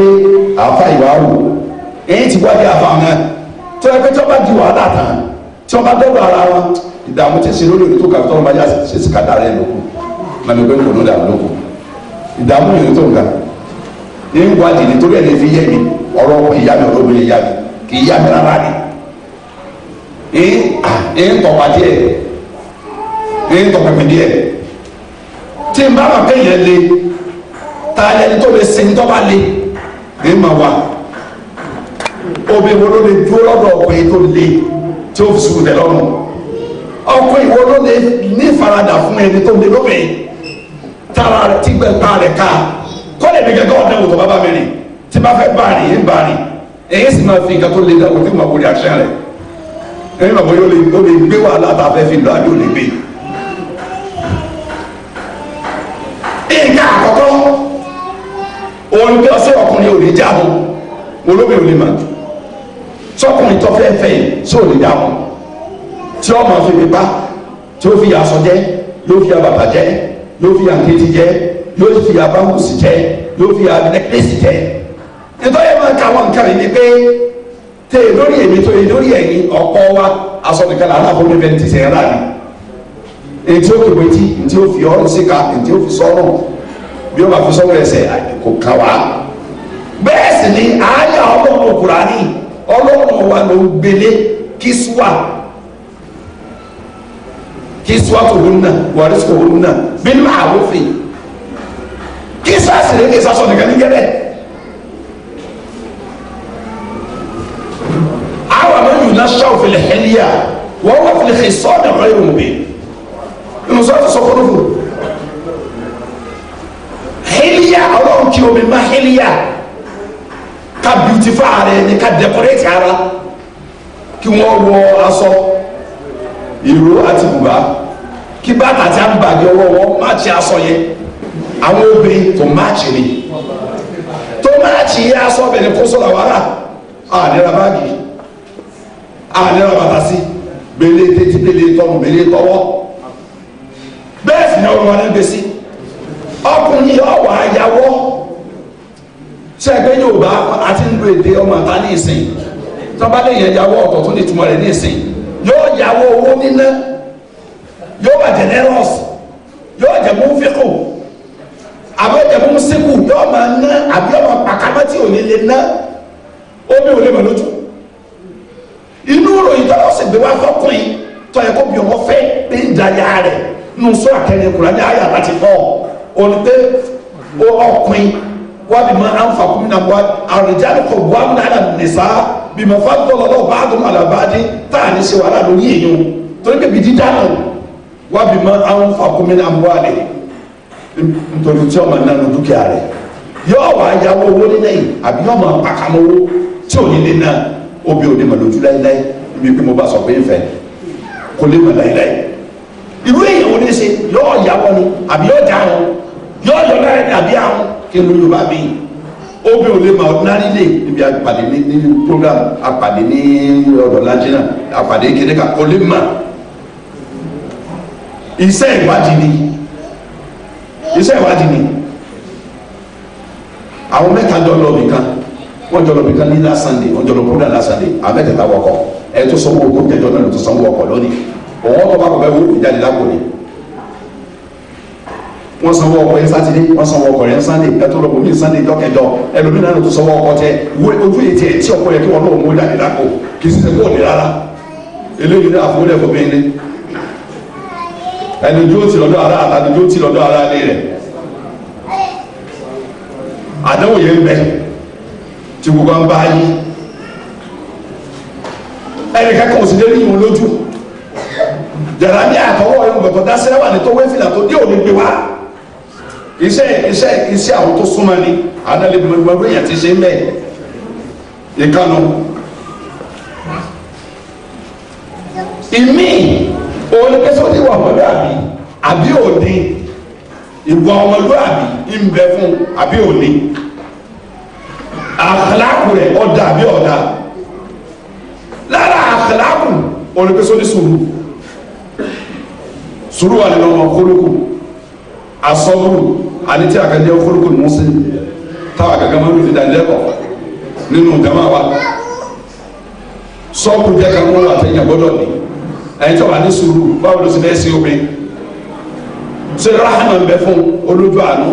àfa ìwà wò èyí ti wádìí àfa náà tó ẹgbẹ́ tí wọ́n bá di wàhálà tán tí wọ́n bá dọ́gbọ́ ara wọn ìdààmú tí ṣe lórí òní tó kàwé tọ́lọ́mọ ayé ṣe sí kàdá rẹ lóko màmí pé kò ló dààmú lóko ìdààmú yìí tó ga ní ń wádìí nítorí ẹni fi yé mi ọ̀rọ̀ ìyá mi ọ̀rọ̀ obìnrin ìyá mi kì í yá mi rárá ni ẹ̀ ń tọ̀pá díẹ̀ ẹ̀ ń tọ̀pẹ̀pẹ̀ díẹ̀ tí n bá wà kéèyàn le ta ẹni tó lè sin tó bá le ẹ̀ wà obìnrin wo ló lè dúró lọ́dọ̀ ọ̀pẹ̀ tó le tí ó fi sùn tẹ̀ lọ́rùn ọkọ ìwọ ló lè ní ìfaradà fún ẹni tó lè lóbìnrin tára rẹ tí gbẹ pa rẹ ká kọ́ lè mi gẹ́gẹ́ ọ̀dẹ́ wòtò bàbá mi rìn tí bá fẹ́ bá rìn yín bá rìn èyí sì máa fi nǹkan tó lè dàgbò tí mo wò ní àṣẹ rẹ ẹni bàbá yóò lè gbé wàhálà tá a fẹ́ fi lọ àbí ò lè gbé yìí. nǹkan àkọ́kọ́ òun bí ọsẹ ọkùnrin ò lè jáàmù olóbìnrin ò lè mà sọkùnrin tó fẹ́ fẹ́ yìí sóò lè jáàmù tí ọmọ fi mi bá tí ó fi yà sọ jẹ yóò fi yà bàbà jẹ yóò fi yà kéétì jẹ yóò fi yà bámúsì jẹ yóò fi yà nẹkílẹsì jẹ nítorí ẹ máa ń ka àwọn nǹkan yìí ni pé tẹ lórí èmi tó yẹ lórí ẹyin ọkọ wa aṣọ nìkan là ń ti sẹ̀ rà ní ètí ó kò wetí ètí ó fi ọrùn síka ètí ó fi sọ́rùn bí ó bá fi sọ́rùn ẹsẹ̀ kò kà wá bẹ́ẹ̀ sì ni àáyà ọlọ́run Kùránì ọlọ́run wa ló gbélé kí sùwà kiswatuhunna wa rizquhunna bil ma'rufi kiswa siri ni sasọ nìkan ní gẹ́gẹ́ awa ma yunashau fil hilya wa huwa fil khisami ghayru mubin muso ti sọ kọ́nùkù hilya ọlọ́run kí omi ma hilya ka beautify ara ẹni ka decorate ara kí wọ́n wọ aṣọ ìró àti bùbá kí bàtà tí a ń bàjẹ́ ọwọ́ wọn máàcì aṣọ yẹn àwọn obìnrin tó máàcì ni tó máàcì yẹn aṣọ bẹ̀rẹ̀ kó sọ̀rọ̀ wàrà àdéhà báàgì àdéhà bàtà sí gbélé tètè gbélé tọmọ gbélé tọwọ́ bẹ́ẹ̀ sì ni ọ̀rọ̀ wọn ń gbèsè ọkùnrin yọ wà á yàwọ́ sẹ́gbẹ́ Yorùbá àti ń lo èdè ọmọ àtà ìsìn tọ́ba lè yẹn yàwọ́ ọ̀tọ̀ tó lè túmọ̀ rẹ̀ ní ìsìn yóò yàwó owó níná yóò wà generous yóò jẹ mú fíkù àbí yóò jẹ mú síkù yóò máa ná àbí yóò máa pàkámọ́ tí ò ní lè ná omi ò lè mọ̀ lójú inú ròyìn tó lọ́sẹ̀ gbé wá fọ́kùnrin tó yẹ kó bí ọmọ fẹ́ pé ń da rẹ̀ nù sọ àkẹ́yìn kùrọ̀ ní àyà láti fọ́ ọ ọkùnrin wàbí máa ń fa wà àrùn wàmúnà nìsá bímọ fàtọlọ lọ bá dùn àlàbáde tá a ní ṣe wàhálà lórí èèyàn torí pé bìí dídá náà wà bímọ àwọn fakumi náà mú àlè nítorí tí ọmọ náà dúkìá rẹ yóò wá yàwó owó nínú yìí àbí yóò máa pàkàmọ́ owó tí ò ní lè náà obì ò ní mọ̀ lójú láíláí ibi pé mo bá sọ pé ń fẹ́ kò lè mọ̀ láíláí irú èèyàn ò ní ṣe yóò yàwó ni àbí yóò já wọn yóò yọ láì àbí àwọn kí ló yóò bá bí yìí obi ò lè ma ordinary day níbi àpàdé ní program àpàdé ní ọ̀dọ̀ lajina àpàdé kẹdẹka o lè ma iṣẹ́ ìwádìí ni iṣẹ́ ìwádìí ni àwọn mẹ́ta jọ lọ nìkan wọ́n jọ lọ nìkan ní last Sunday wọ́n jọ lọ program last Sunday àmẹ́tẹ̀ta wọkọ̀ ẹ̀ tó sanwó owó náà ló tó sanwó ọkọ̀ lónìí òun ọkọ̀ bá kọ̀ bẹ́ẹ̀ wọ́n jáde lápò ni wọ́n sanwó ọkọ̀ yẹn sátidé wọ́n sanwó ọkọ̀ yẹn sànńdé ẹtọ́ lọ bòmí sànńdé jọkẹjọ ẹlòmínà ló tún sanwó ọkọ̀ tẹ wo ojú yìí tiẹ̀ tí ọkọ̀ yẹn kí wọ́n náà mú jáde lápò kì í sì sẹ́kọ̀ òní rárá eléyìí náà fún ẹ̀fọ́ bẹ́ẹ̀ ni ẹni yóò ti lọ́dọ̀ ara àtàdé yóò ti lọ́dọ̀ ara lé rẹ̀ àdéhùn yẹn bẹ tí gbogbo ń bá yí ẹnì kẹ́kọ̀ọ́ sì dé ní ìwọ̀n lójú jàrá ní àtọwọ́ ẹ̀ ń gbọ̀tọ̀ dá sẹ́wà ní tó wẹ́fìlà tó dé òní gbé wá iṣẹ́ iṣẹ́ iṣẹ́ àwọn tó súnmọ́ ni àdàlẹ́ gbogbo èèyàn ti ṣe ń bẹ̀ ìkànnù. ìmí olùkẹ́sọ́ ti wà pẹ̀lú àbí àbí òde ìwà ọmọlúwàbí ń bẹ fún àbí òde àkàlákù rẹ̀ ọ̀dà àbí ọ̀dà lára àkàlákù olùkẹ́sọ́ ní sùúrù sùúrù wà nínú ọmọ kórókò asọ́bùrù ani tí a ka jẹ́ kólókò ní mọ́sí táwa kankan máa ń fi dànlẹ́kọ̀ nínú jama wa sọ́ọ̀kù jẹ́ kan wọ́n àtẹ̀yìn àgbọ́dọ̀ ni ẹ̀yin tí wàá ní sùúrù báwo ló ti bẹ́ẹ̀ sí omi ṣé rahama ń bẹ fún olójú àánú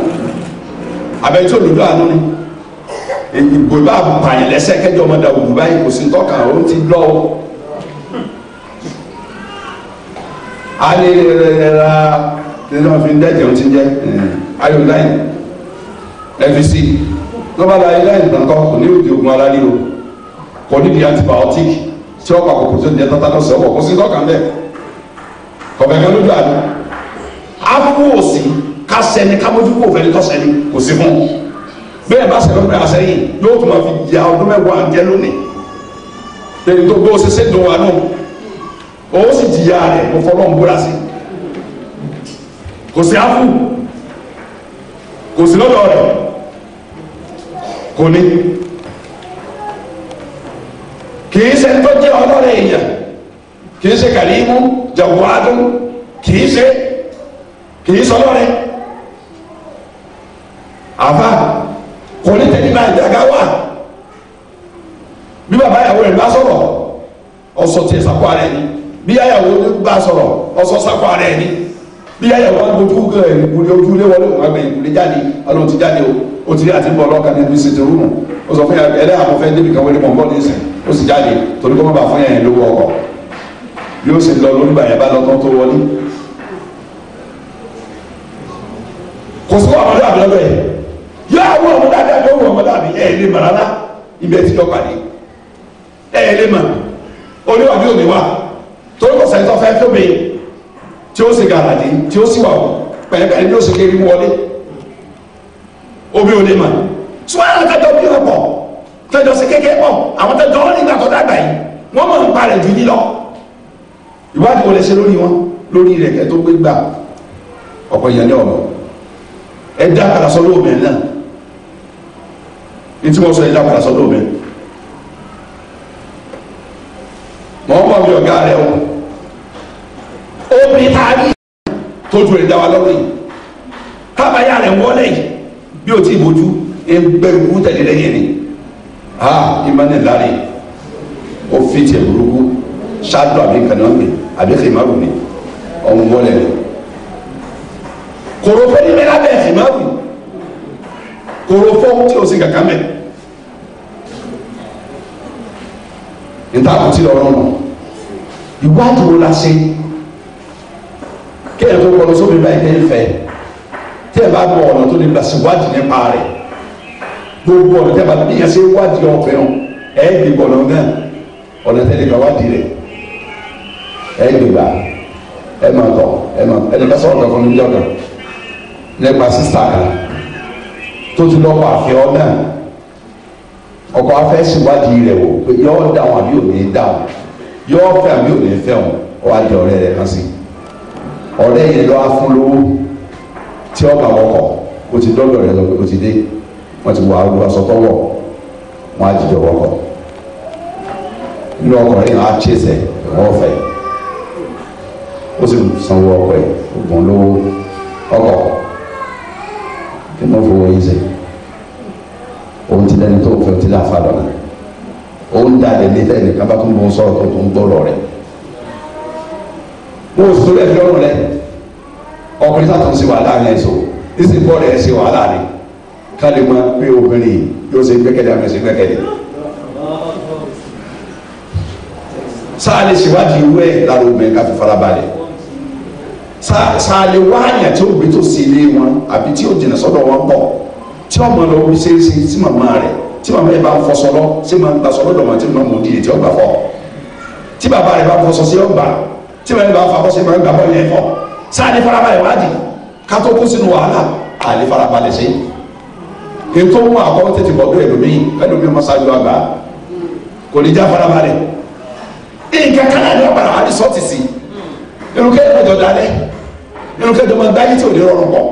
àbẹ̀tí olójú àánú ni ìbò bá pààyàn lẹ́sẹ̀ kẹjọ ọmọ dàgbù báyìí kò sí tọ́ka ó ti lọ́ o. a lè rẹ̀ rẹ̀ ra nínú àfin dẹ́jẹ̀ ó ti jẹ́ ayò láìn fvc tó bá la ilé ìgbà kan kò ní òde ogun alálẹ́ o kò ní di antibiotic tí ọkọ̀ àkókò tó di tatanus ọkọ̀ kò sí tọ́ka mbẹ́ kọ̀bẹ̀kẹ́ ló dùn àná afọ òsì kásẹ̀ni kámójúkò fẹ́ni tọ́sẹ̀ni kò sí fún bẹ́ẹ̀ bá sẹ̀rọ̀ pẹ̀lú àsẹ̀yìn yóò tún máa fi ya ọdún mẹ́wàá jẹ́ lónìí lẹ́yìn tó gbé osese dùn wa nù ó sì jìyà rẹ̀ mo fọlọ́ ń kò sí lọ́dọ̀ rẹ̀ kò ní kìí ṣe tó jẹ́ ọlọ́rẹ̀ èèyàn kìí ṣe kàlímù jàwádùn kìí ṣe kìí ṣe ọlọ́rẹ̀ àfa kò ní tẹ́lẹ̀ náà ìjàgá wà bí bàbá ìyàwó rẹ̀ bá sọ̀rọ̀ ọ̀sọ̀ tiẹ̀ sàkó ara ẹni bí ìyàwó rẹ̀ bá sọ̀rọ̀ ọ̀sọ̀ sàkó ara ẹni bí ayẹwo wọn gbójú gẹ ìgbòlè ojúlé wọlé òun àgbẹ ìgbòlè jáde Ọlọ́run ti jáde o o ti rí àti bọ ọlọkà ní ibi ṣètò rúmù o sọ fún yà ẹlẹ́ àwọn fẹ́ débi kan wọlé pọ̀npọ̀ nísìn o sì jáde torí kọ́ bá fún yà yẹn lówó ọkọ̀ bí o sì lọ lórí bàyà bá lọ tán tó wọlé. kò sí wọn ọmọdé àbí lọ́bẹ̀ yóò àwọn ọmọdé àbí àbí òun ọmọdé àbí ẹ̀ lè mọ̀ rárá ibẹ̀ ti lọ́pàdé ẹ̀ lè mọ̀ oníwàbí òní wa torí kò sẹ́ńtọ́ fẹ́ tóbi tí ó sì gàràdì tí ó sì wà pẹ̀lẹ́pẹ̀lẹ́ ní oṣù kiri wọlé omi ò lè mà tí wọ́n á tẹ́jọ́ bí ọ̀pọ̀ tẹ́jọ́ sí kékeré pọ̀ àwọn tẹ́jọ́ wọn nígbà tó dàgbà yìí wọ́n mọ̀ nípa rẹ̀ jù yín lọ ìwádìí wọlé ṣe lórí wọn lórí rẹ̀ kẹ́ tó gbé gbà ọ̀pọ̀ ìyẹn ní ọ̀rọ̀ ẹ dá padà sọ lóòmẹ náà ní tí wọ́n sọ ẹ dá padà lóòmẹ mọ̀ ọ́ bọ̀ bí ọ̀gá rẹ̀ wọ̀ omi àárí tójú rẹ̀ dá wa lọ́rùn yìí tábàyà rẹ̀ wọlé yìí bí o ti bójú ẹgbẹ̀rún tẹ̀lé lẹ́yìn ni ha ìmánilárè ó fi tiẹ̀ burúkú ṣáàdùn àbí kanáà mi àbí kìmáàrù mi ọ̀hún wọlé mi kòròfó ni mẹ́ta bẹ́ẹ̀ kìmáàrù kòròfó tí o sì kàkà mẹ́ níta kò tí lọ́rùn ìwádìí wo la ṣe kéèyàn tó kọlu sómi báyìí tẹ́ ń fẹ́ tí ẹ bá mọ ọ̀nà tó lè gbà síwádìí nípa rẹ̀ gbogbo ọ̀nà tẹ́ bá bí yẹn ṣe wádìí ọkùnrin ẹ̀ ẹ́ gbé bọ̀lọ̀ náà ọ̀nà tẹ́ lè gbà wádìí rẹ̀ ẹ̀ ẹ́ gbé bá ẹ̀ máa tọ̀ ẹ̀ máa ẹ̀ nìkan sọ̀rọ̀ kan fún mi jọ̀kan nípa sísá kan tó ti lọ́kọ̀ àfihàn náà ọkọ̀ afẹ́ síwádìí rẹ̀ wò pé yọ́ọ́ dáhùn àbí òní dáhùn yọ́ọ́ fẹ́ àbí òní fẹ́ wọn ọ ọ̀rẹ́ yìí lọ afúnlówó tí ọba wọkọ̀ o ti dọ́dọ̀ rẹ lọ o ti dé wọ́n ti wọ àwọn asọ́tọ́wọ̀ wọ́n á jìjọ wọkọ̀ nínú ọkùnrin náà á chẹ́sẹ̀ ọ̀fẹ́ ó sì sanwó ọkọ̀ o ògùn lówó ọkọ̀ kí wọ́n fowó yín sẹ́yìn òun ti lẹni tó fẹ́ ti láfa lọ́nà òun dalẹ̀ nílẹ̀ nìkan bá tún bọ́ sọ̀rọ̀ tó tún rẹ̀ wọn ò sọ bẹ́ẹ̀ fi ọrùn rẹ ọkùnrin sàtún sí wàhálà ní ẹ̀sọ́ ìsì bọ́ọ̀lù ẹ̀ sí wàhálà ni káàdì máa pé obìnrin yóò ṣe gbẹ́kẹ̀lé àmì ṣe gbẹ́kẹ̀lé. sáàlì ṣèwádìí ìwé lára obìnrin ká fi farabalẹ̀ sáàlì wáyà tí ó gbé tó sí ilé wọn àbí tí ó jìnnà sọ́dọ̀ wọn pọ̀ tí ọmọ lọ wí ṣe é ṣe sí màmá rẹ̀ tí màmá yẹn bá ń fọṣọ lọ sí màmá gbàsọ lọ́dọ̀ wọn tí màmá mú di ètò ọgbà fọ tí bàbá rẹ̀ bá fọṣọ sí ọgbà tí wọ́n ń gbà fà bọ́sẹ̀ máa ń gbà bọ́ ilé ẹ̀fọ́ sáà ní farabalẹ̀ wádìí ká tó kó sínú wàhálà à ní farabalẹ̀ sí i ètò ohun àkọ́kọ́ tètè bọ̀ lórí ẹlòmíì ẹlòmíì ọmọ sáájú àgbà kò ní já farabalẹ̀ nǹkan kánà ni wọ́n padà wá ní sọ́ọ̀tì sí inú kẹ́ ẹ̀rọ jọ dalẹ̀ inú kẹ́ ẹ̀jọ̀ máa gbáyé tí ò ní rọrùn pọ̀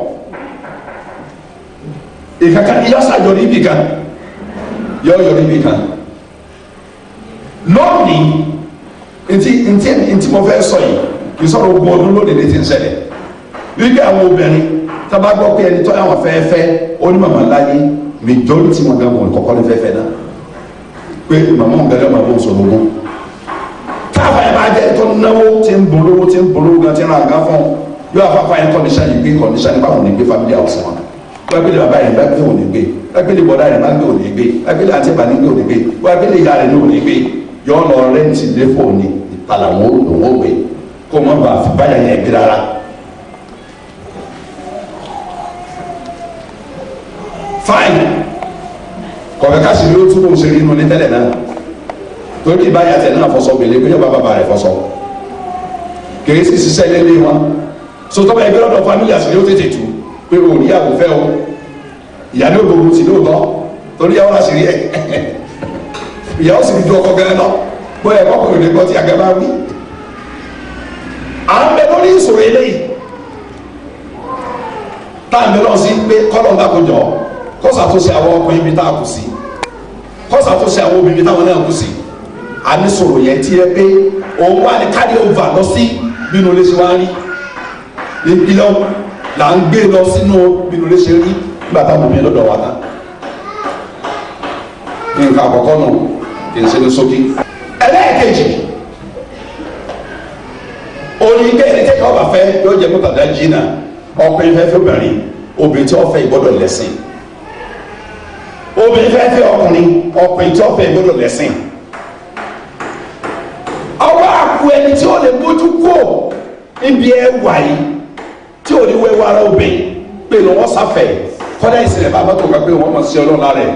nǹkan kánà yọ sàyọrí ibì kan yọ yọrí ibì kan lónìí nti nti nti mo fẹ́ sọ yìí kì í sọ̀rọ̀ ogun ọdún lónìí ní ti ń ṣẹlẹ̀ wípé àwọn obìnrin tábà gbọ́ pé ẹni tó àwọn fẹ́ẹ́fẹ́ onímọ̀mọ́ láyé majority wọn gan wọn kọ́kọ́ ní fẹ́ẹ́fẹ́ náà pé màmá wọn gẹ́gẹ́ màmá wọn sọ̀rọ̀ ogun táwọn ẹ̀ bá jẹ́ tó náwó ti ń bolówó ti ń bolówó gan ti ń ra nǹkan fún yóò afáfá yẹn kọ́ndíṣà yìí gbé kọ́ndíṣà nípa wọn ní gbé family house wọn wábìlì bàbá yẹn wábìlì òní gbé wábìlì bọ̀dá yẹn wábìlì òní gbé wábìlì àti ìbànújẹ́ òní gbé wábìlì ìyá rẹ̀ ní òní gbé yọ lọ rẹ́ǹtì lẹ́fọ̀ ni ìpalà wọn lòun ò gbé kó má bàa fi báyà yẹn gbé rárá. fine kọ̀ọ̀kan ká sì ní ó túbọ̀ ń ṣe rí inú ní tẹ́lẹ̀ náà torí báyà tẹ̀ náà fọṣọ gbèlè kó yẹ bá bàbá rẹ̀ fọṣọ kèé sì ṣiṣẹ́ lélé wọn so tọ́ba ẹgbẹ́ lọ́dọ̀ family àti ní ó tètè tù pé òun ìyàwó fẹ́ o ìyá ní ògbógun ti lóòótọ́ torí yàwó àṣírí ẹ̀ ìyàwó sì ju ọkọ gẹ́gẹ́ lọ pé ẹ̀kọ́ kò lè gbọ́ tí àgbẹ̀ bá wí. à ń bẹ lórí ìṣòro eléyìí tá a ń bẹ lọ́wọ́ sí pé kọ́lọ̀ ń dàkójọ kó ṣàtúnṣe àwọn ọkùnrin mi tá a kù sí kó ṣàtúnṣe àwọn obìnrin táwọn náà kù sí à ní sọ̀rọ̀ yẹn tí ẹ pé òun wà ní káàdì òvà lọ sí bínú lè ṣe wá rí ìpìlọ̀ là ń gbé lọ sínú bínú lè ṣe rí nígbà táwọn lọ́dọ̀ wa ta nǹkan àkọ́kọ́ náà ẹ̀sìn ní sókè. ẹlẹ́ẹ̀kejì orin kẹ́hìn tẹ́ka ọba fẹ́ yóò jẹ́ mọ́tàdá jìnnà ọkùnrin fẹ́ fẹ́ obìnrin obìnrin tí wọ́n fẹ́ ìgbọ́dọ̀ lẹ́sìn obìnrin fẹ́ fẹ́ ọkùnrin ọkùnrin tí wọ́n fẹ́ ìgbọ́dọ̀ lẹ́sìn ọwọ́ àkú ẹni tí ó lè bójú kó níbi ẹwà yìí tí ò ní wẹ́wọ́ ara obìnrin pé lọ́wọ́ sáfẹ́ kọ́dá ìsìnlẹ̀ bá bá tó ká pé wọ́n mọ̀ sí ọlọ́run lára ẹ̀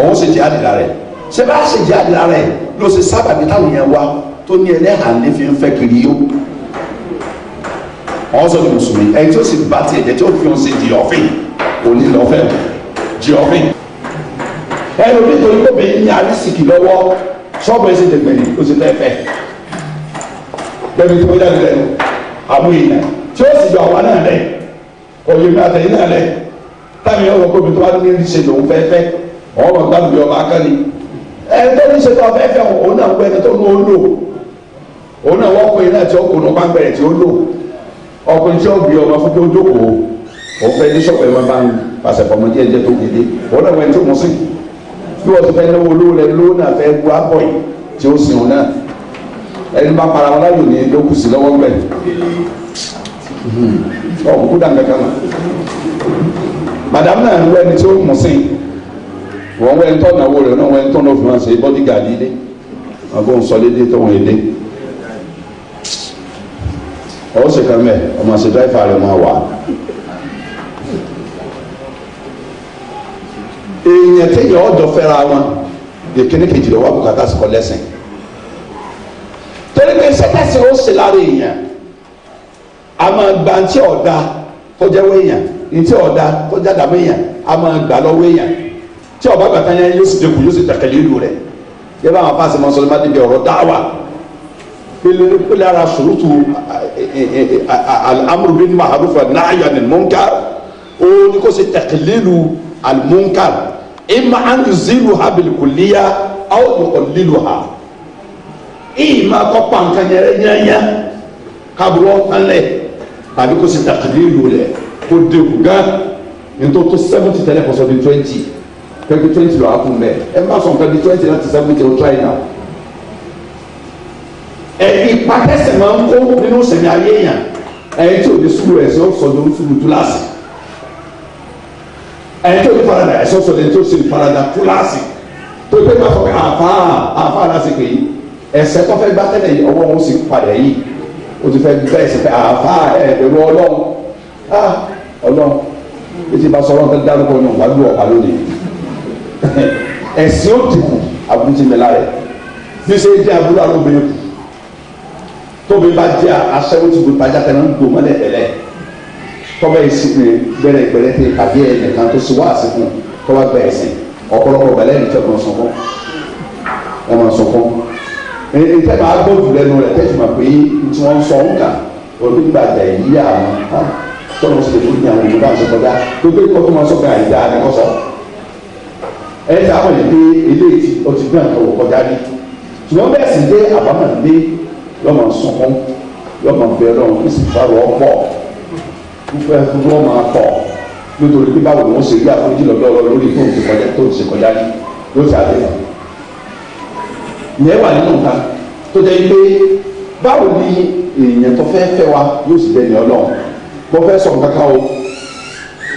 òun sì jẹ́ àdìlá rẹ̀ ṣé bá ṣe jẹ́ àdìlára ẹ̀ ló ṣe sábàbí táwọn yẹn wá tó ní ẹlẹ́hà lè fi ń fẹ́ kiri yó wọ́n sọ ní mùsùlùmí ẹni tí ó sì bá tiẹ̀ jẹ́ tí ó fi hàn sí di ọ̀fìn kò ní lọ fẹ́ di ọ̀fìn ẹni omi tó ń gbòmí ní arísìkì lọ́wọ́ ṣọ́ọ̀bù ẹ̀sìn dẹ̀gbẹ̀rì ó sì fẹ́ fẹ́ lẹ́nu tó jáde lẹ́nu àwọn èèyàn tí ó sì gba ọ̀wá náà lẹ̀ òye mi àtẹ̀yìn náà lẹ̀ táwọn èèyàn wọ̀ kó mi tó wá ẹni tó ní ṣètò afẹ́fẹ́ òun náà gbẹ ẹni tó ní ó lò òun náà wọ́n pè náà tí ó kùn ní pàmpẹ́rẹ́ tí ó lò ọkùnrin tí ó ọmọ fún kí ó jókòó òun fẹ́ ní sọ̀pẹ́ máa bá ń pàṣẹ fọmọ díẹ̀ díẹ̀ tó kéde òun náà wẹ́n tó mú sí bí wọ́n ti fẹ́ rẹ náà fẹ́ wọ́n wẹ́ ń tọ́ náwó rẹ̀ náà wẹ́ ń tọ́ náà fún wa ṣe bọ́dí gàdí dé àbọ̀ ń sọ dédé tó wọ́n dé ọwọ́ sì kan mẹ́ ọmọ sí dáìfà rẹ̀ máa wà. èèyàn téèyàn ọ̀dọ̀ fẹ́ra wọn ìkíní kejì lọ́wọ́ àbùkátà sí kọ́ lẹ́sìn torí pé sẹ́tẹ̀sì ó sì lára èèyàn a máa gba ntí ọ̀dà kọjá wéèyàn ntí ọ̀dà kọjá dàmé èèyàn a máa gbà tí ọba gbàtà yẹn yóò sì dẹkùn yóò sì dàkẹ́lẹ́ ìlú rẹ̀ yẹ bá àwọn fáṣẹ mọ sọlẹ má débi ọ̀rọ̀ dáwà pélé ara sòrótù amúrú bíi maharufa náàyà ni munkar ó ní kó ṣe dàkẹ́lẹ́ ìlú alimunkar ìmà àndù zílù ha bìlìkùlíyà àwọn olùkọ́ lílù ha ìmà kọ́ pàǹkà yẹrẹ yẹnyẹ kábùrọ̀ tánlẹ̀ tàbí kó ṣe dàkẹ́lẹ́ ìlú rẹ̀ kó dẹkùn gán ní tó tó seventy tẹ́lẹ̀ kọ́sọ́ bíi twenty kẹkẹ twenty lọ akun bẹ ẹ má sọ nǹkan di twenty láti seventy o try now. ẹ ipa tẹsẹ̀ máa ń kó nínú sẹ̀mí ayé yàn ẹ̀yìn tí o ní sukuu ẹ̀sẹ̀ ọ̀sọ̀dọ̀ ń sukuu túláàsì ẹ̀yìn tí o ní farada ẹ̀sẹ̀ ọ̀sọ̀dọ̀ ẹ̀yìn tí o sì ní farada túláàsì tó gbé máa fọ pé àfa àfa aláṣẹ kè yí ẹ̀sẹ̀ tó fẹ́ gbá tẹ́lẹ̀ yìí ọwọ́ wọn sì padà yìí o ti fẹ́ gbá ẹ̀sẹ̀ pé àfa ẹ̀ẹ́dẹ̀rú ah ọlọ́run ètò ìbásọ̀rọ̀ nǹkan dárúkọ náà wàá lù ọ̀pá ẹ̀sìn ó ti kù àbúrò ti mẹ́la rẹ̀ bí ṣe jẹ́ àbúrò àwọn obìnrin kù tóbi bá jẹ́ aṣẹ́wó ti gbòòrò bàjá tẹ̀lé ń gbò mọ́lẹ̀ tẹ̀lẹ̀ tọ́ba yìí sì pé gbẹ̀rẹ̀ gbẹ̀rẹ̀ tẹ àbí ẹ̀ nìkan tó sì wá àsìkò tọ́ba gba ẹ̀sìn ọ̀pọ̀lọpọ̀ gbẹ̀lẹ́ ní tẹ́ ọmọ sọ̀kọ́ ọmọ sọ̀kọ́ ẹni tẹ́ máa gbọ́ jù lẹ́nu rẹ̀ tẹ́tù máa pé tí wọ́n sọ ń kà òbí gbà dà yí àwọn tọ́lọ́ sì lè fún ìyàwó ìlú bá ń sọ kọjá tó gbé máa sọ ẹ sábà yìí pé eléyìí ti ọtí gbé àtọwọ kọjá rí ṣùgbọ́n bẹ́ẹ̀ sì dé àbámọ̀ dé lọ́mọ sunkún lọ́mọ bẹ́ẹ̀ lọ́mọ kí sì fáwọn ọ̀pọ̀ fúnfẹ́ fúnfẹ́ wọn máa pọ̀ nítorí pé báwo wọn ṣe rí àforíjì lọ́dọ̀ ọ̀rọ̀ lórí tó ń ṣe kọjá tó ń ṣe kọjá rí ló ti àdéhùn ìyẹn wà nínú nǹkan tó jẹ́ pé báwo ni èèyàn tó fẹ́ fẹ́ wa yóò sì dẹni ọlọ́run bọ́ fẹ́ sọ nǹkan kan o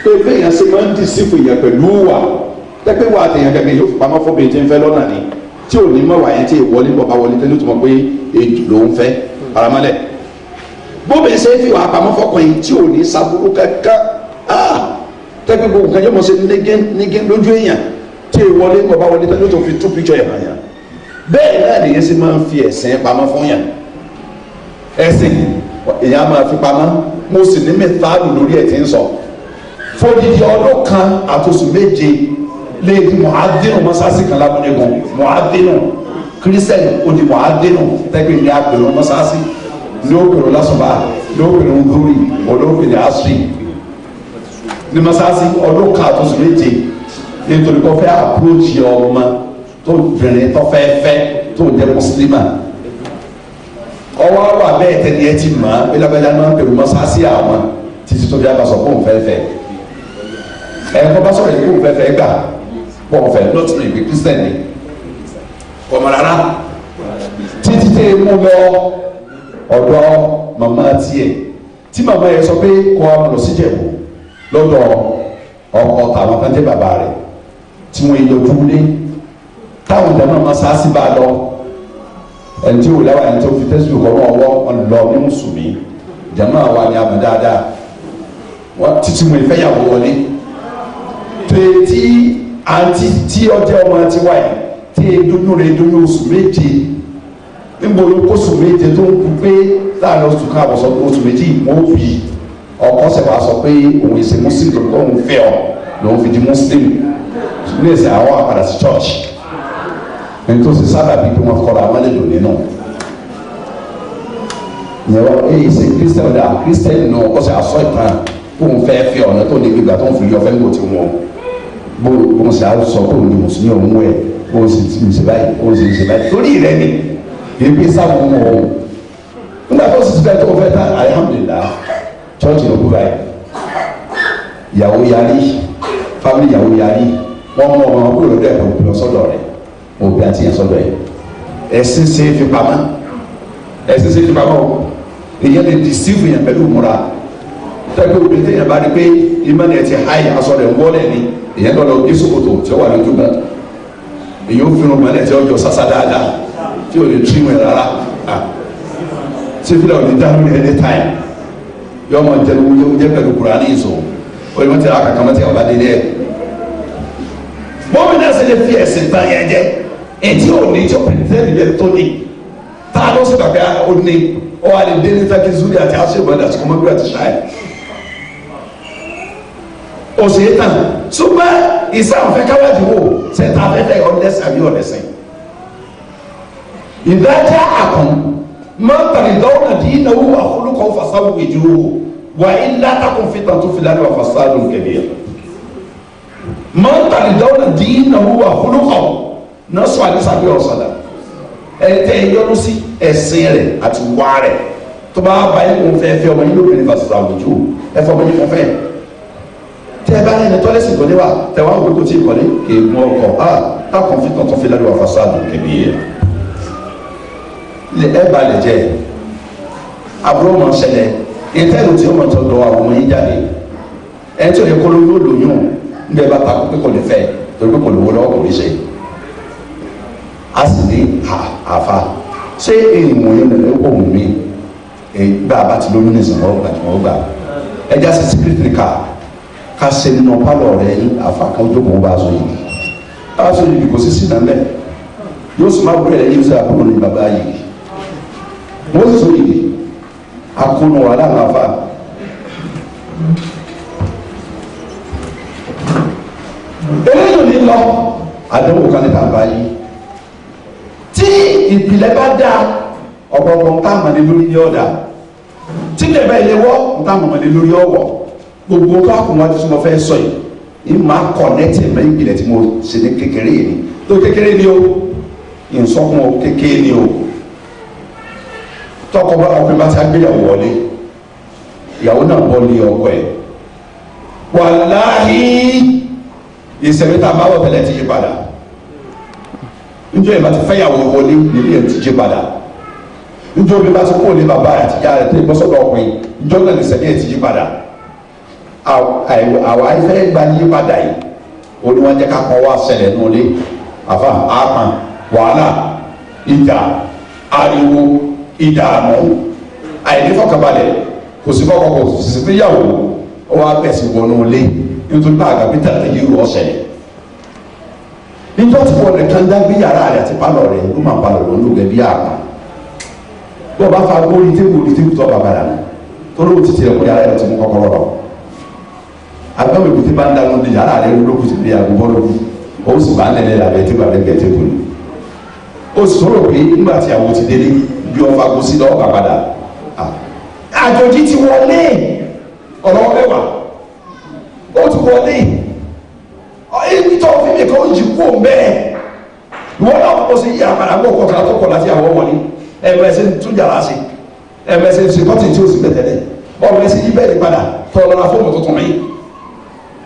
pé bẹ́ẹ̀ yẹn ṣe máa ń dì sífù èèyàn pẹ̀lú wa tẹ́pẹ́ wà àtẹ̀yàn gẹ́gẹ́ yóò fi pamọ́ fún bèjì ń fẹ́ lọ́nà ni tí ò ní mọ̀ wà yẹn tí ìwọlé bọ̀ bá wọlé tẹ́lẹ̀ ó ti mọ̀ pé èjì ló ń fẹ́ paramọ́lẹ̀ bóbi ṣe fi wà pamọ́ fọkùnrin tí ò ní sábúrú kankan ah! tẹ́pẹ́ gbogbo nǹkan yóò mọ̀ ṣe nígé lójú èèyàn tí ìwọlé bọ̀ bá wọlé tẹ́lẹ̀ ó ti fi tú píjọ yẹn hàn yàn bẹ́ẹ̀ náà nìyẹn sì máa ń fi ẹ̀sìn pamọ́ fún yàn ẹ̀sìn èèyàn máa fi pamọ́ mo sì ní mẹ́ta lórí ẹ̀ tí ń sọ fódìdí ọdún kan àtòsùn méje léyìí muhadinu mọ́sáàsì kan lábúnigun muhadinu kírísítẹ́nì ó di muhadinu tẹ́gbẹ́ ní abẹ̀rù mọ́sáàsì ní ni bẹ̀rù lásùbà ní ni bẹ̀rù ndúrì olóògbèrè asri ní mọ́sáàsì ọdún kàtúnṣe méje nítorí kọ́ fẹ́ àpúròjì ọmọ tó bìnrin tó fẹ́ fẹ́ tó jẹ́ mùsùlùmá ọwọ́ àwọn abẹ́ẹ̀ tẹ́ni ẹ ti mọ̀ ẹ́ bẹ́lẹ́bẹ́lẹ́ náà bẹ̀rù mọ́sáàsì àwọn títí tó fi àbàsọ̀ fún òun fẹ́ fẹ́ ẹ̀ kọ́ bá sọ̀rọ̀ yìí fún òun fẹ́ fẹ́ gbà pọ̀ ọ̀fẹ́ lọ́tún ìgbé kírísítẹ́nì kọ̀mọ rárá títí tẹ́ ẹ mú lọ ọ̀dọ̀ màmá tiẹ̀ tí màmá yẹn sọ pé kọ́ àmọ̀ síjẹ̀bù lọ́dọ̀ ọkọ tàwọn kan jẹ́ bàbá rẹ̀ tí wọ́n yẹ dúlé táwọn ìdáná máa sáásí bá a lọ ẹni tí ò láwa ẹni tó fi tẹ́sí ìkọ́ ní mùsùlùmí jàmáà wa ni àmì dáadáa wọ́n títí mo ìfẹ́ yàwó wọlé tètè àǹtí tí ọjọ́ ọmọ ti wáyé tí edunu rẹ̀ edunu oṣù méje níbo ló kó oṣù méje tó ń kú pé láàrin oṣù kan àbọ̀sọ̀ oṣù méjì ìmọ̀ òbí ọkọ sẹ̀wá sọ pé òun èsè muslim tó ń fẹ́ ọ lòun fi di muslim ṣùgbọ́n èsè àwọn àpàdà sí church nítorí sábà bíi pé wọ́n fi kọ́ra amálẹ̀ lò nínú ìyẹ̀wò èsè christian dà christian nù ọ̀sẹ̀ àsọ ìtàn kóun fẹ́ fẹ́ ọ̀nà tó ní gbígbà tó ń fi yọ fẹ́ ń gbòtì wọn bó bó ṣe àwọn sọ kó ní mùsùlùmí òun wẹ̀ bó ṣe ti ṣe báyìí bó ṣe ṣe báyìí torí rẹ ni ebi sáwọn ọmọ òun nígbà tó ṣe síbẹ̀ tó fẹ́ tán alihamudulilá church ló kú báyìí ìyàwó yarí family ìyàwó yarí wọ́n mọ ọmọ ọmọ kúrò lọ́dọ̀ ẹ̀ kò lọ sọ́dọ̀ rẹ̀ òbí àti yẹn sọ́dọ̀ ẹ̀ ẹ̀sìn ṣe é fi pamọ́ ẹ̀sìn ṣe é fi pamọ́ ìyẹn lè di sífù yẹn pẹ̀lú ìmúra tẹ́gbẹ́ òbí tẹ̀yẹ̀ bá rí pé ìmọ̀ ni ẹ̀ ti ìyẹn lọ́lọ́ gbé sòkòtò tí ó wà lójú gan èyí ó fìrùn mọ́lẹ̀ tí ó jọ sásá dáadáa tí ò lè trim ẹ̀ rárá sífìlà ò ní dáhùn ní ẹni táyà yọ ọmọ jẹnu jẹ pẹ̀lú kùránì ìsọ ó yẹ wọ́n ti rà kàkà mọ́tì ọ̀bá délé ẹ̀ mọ́mí náà sì lè fi ẹ̀sìn tán yẹn jẹ ètí ò ní tí ó pẹ̀lú tẹ́lẹ̀ tó ní tá a lọ sí bàbá ó ní ó wà ní délé tákì zúlì àti àṣẹ ìbọn àti kọ́mọ́gbé àti ṣáà ọ̀sẹ̀ tán ṣùgbọ́n ìsànfẹ́ káwájú wò sẹ́ta afẹ́fẹ́ ọ̀lẹ́sìn àbí ọ̀lẹ́sìn. ìdájá àkàn mọ́tàlì dọ́wọ́nà dì í náwó àkọlùkọ́ fasáwò ìjò wà í látàkùn fìtà tó fi lálẹ́ wà fasáwò kẹ̀lẹ́ mọ́tàlì dọ́wọ́nà dì í náwó àkọlùkọ́ náà sọ àdísà bí ọ̀sọ̀dà ẹ̀tẹ́ yọnu sí ẹ̀sìn rẹ̀ àti wá rẹ̀ tó bá bá yín kò fẹ́ fẹ́ ọmọ yín lóbìnrin fasáwò ìjò ẹ̀fọ́ ọmọ yín kò fẹ́ tẹ ẹ bá ní ẹni tọ́lẹ́sì tó níwà tẹ wá òwe kò tí ì kọ́lé kéegun ọkọ̀ a ah, táwọn fi tọ̀tọ̀ fi lálẹ́ wà fasadu kẹ̀mí yẹ ẹ bá lè jẹ àbúrò mọ̀ ṣẹlẹ̀ ìtẹ́lu tí ó mọ̀ tọ́ lọ àwọn ọmọ yín jáde ẹni tí ò yẹ kó ló yóò lóyún níbẹ̀ bá takò pé kò lè fẹ́ torí pé kò lówó lọ́wọ́ kò ní ṣe a sì ní àfa ṣé ìwọ̀n yẹn lè wọ̀ mí gbà bá ti lóyún nìsín lọ́wọ́ gbà tí wọ́n sí síkírìtì ká ká ṣe nínú pálọ̀ rẹ yín àfàkàn jókòó bá a sọ yìí bá a sọ yìí kò sí sínú ẹ̀mẹ́ yóò sọ ma wúrẹ̀ rẹ yóò sọ àbúrò ní bàbá yìí wọ́n sì sọ yìí akónú wàhálà máa fà á. eléyìí ni lọ àdéhùn kan ní bàbá yìí tí ìpìlẹ̀ bá dá ọ̀pọ̀lọpọ̀ ń tá àmàlẹ́ lórí ní ọ̀dà tí lè bá ilé wọ́ ń tá àmàlẹ́ lórí ọ̀wọ̀ gbogbo tó àkùnmọ́ tí mo fẹ́ sọ yìí ní máa kọ̀nẹ́tì mọ́ ìpìlẹ̀ tí mo ṣe ní kékeré yìí tó kékeré ni o ìsọkùn kékeré ni o tọkọ bá ọkùnrin bá ti agbéyàwó wọlé ìyàwó náà bọ́ lé ọkọ ẹ̀ wàláhì ìsẹ̀mí tá a bá wọ̀ tẹ́lẹ̀ ti yí padà njọ́ yìí bá ti fẹ́yàwó wọlé nílé ẹ̀ ti yí padà njọ́ yìí bá ti kó ní bàbá àtijọ́ rẹ̀ tó yẹ bọ́sọ̀dọ̀ ọkùnrin njọ́ náà ìsẹ̀mí ẹ̀ ti yí padà àwọn àìfẹ́ gba yí padà yìí olùwọ́njẹ́ kakọ́ wa ṣẹlẹ̀ nulẹ̀ àfa àpà wàhálà ìjà ariwo ìdààmú àìnífọ̀kànbalẹ̀ kò sí fọkọ kò sí fìyàwó ó wá bẹ̀sì wọnú ilé nítorí náà àgbà pété àti yìí rọ̀ ṣẹlẹ̀ níjọ́ tí wọ́n lè kán dá gbé yàrá rẹ̀ àti pálọ̀ rẹ̀ ló máa balọ̀ ló ń lò gẹ́gẹ́ bí àpà bọ́ọ̀ bá fa gbórí tébù tó bàbá rà tó lóun ti tiẹ̀ kó yàrá rẹ̀ ti mú kọ́kọ́rọ́ lọ agbẹ́wò ìkùtì bá ń dànù ní yàrá rẹ̀ lóko sí ní àgùbọ́ lóko ó sì bá nẹ̀lẹ̀ làbẹ́ tí bàbá gẹ̀ tẹ́kù ni ó sì sọ̀rọ̀ pé nígbà tí àwọn ti délé bí ọ̀fà kó sí lọ́wọ́ pàpàdà àjòjì ti wọlé ọ̀rọ̀ mẹ́wàá ó ti wọlé ìtọ́ fífi kan yìí kú mẹ́ẹ̀ ìwọ náà kò sí yí àpàdà gbọ́ kọ́ kan tó kọ̀ láti àwọn wọlé ẹ̀mẹ́sẹ̀ tún sí ẹ̀mẹ́sẹ̀ sí tí ó sì bẹ̀tẹ̀lẹ̀ ọ̀mẹ́sẹ̀ yí bẹ́ẹ̀ padà tọ́ fóònù tuntun mi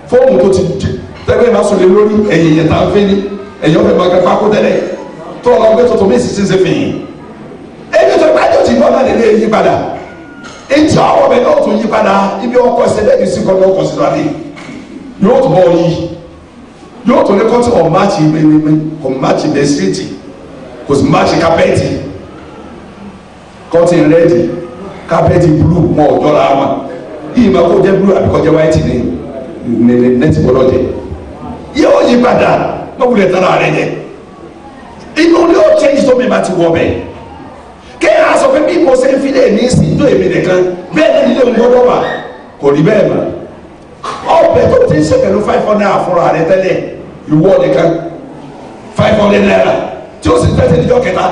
fóòmù tó ti di tẹ́gbẹ́ ìbá sọ̀rọ̀ lórí ẹ̀yìn yẹn tá a fẹ́ ni ẹ̀yìn ọ̀fẹ́ máa kápá kó tẹ́lẹ̀ tó ọ̀la ọgbẹ́ tuntun mi sì ṣe fìyìn ẹ̀yìn tó gbájú ti gbọ́ náà lè yí padà etí ọwọ́ bẹ̀ yóò tún yí padà ibi ọkọ̀ ṣe bẹ́ẹ̀ sí kọ́ lọ́kọ̀ sí lọ́dẹ yóò tún bọ́ yí yóò tún ní kọ́tí ọ̀ máàcì mẹ́mẹ́mẹ́ kò máàcì bẹ́ẹ̀ síríìtì kò sì máàcì kápẹ́ẹ̀tì kọ́tí rẹ́ẹ̀dì kápẹ́ẹ̀tì búlù mọ́ ọ̀dọ́ra wọn yìí máa kó jẹ́ búlù àbíkọ́jẹ́ wáìtì nìyí nẹtibọlọjẹ yóò yí padà mọ̀wulẹ̀ tara rẹ jẹ inú ni ó tẹ́ ìsọmi bá ti wọ bẹ́ẹ̀ kéèyàn sọ pé bí mo ṣe ń filẹ̀ ní sídó èmi nìkan bẹ́ẹ̀ ni ilé ń gbọ́dọ̀ wà kò rí bẹ́ẹ̀ mọ́ ọbẹ̀ tó ti ń ṣe pẹ̀lú five hundred naira fúnra rẹ tẹ́lẹ̀ ìwọ nìkan five hundred naira tí ó sì fẹ́ sí níjọ́ kẹta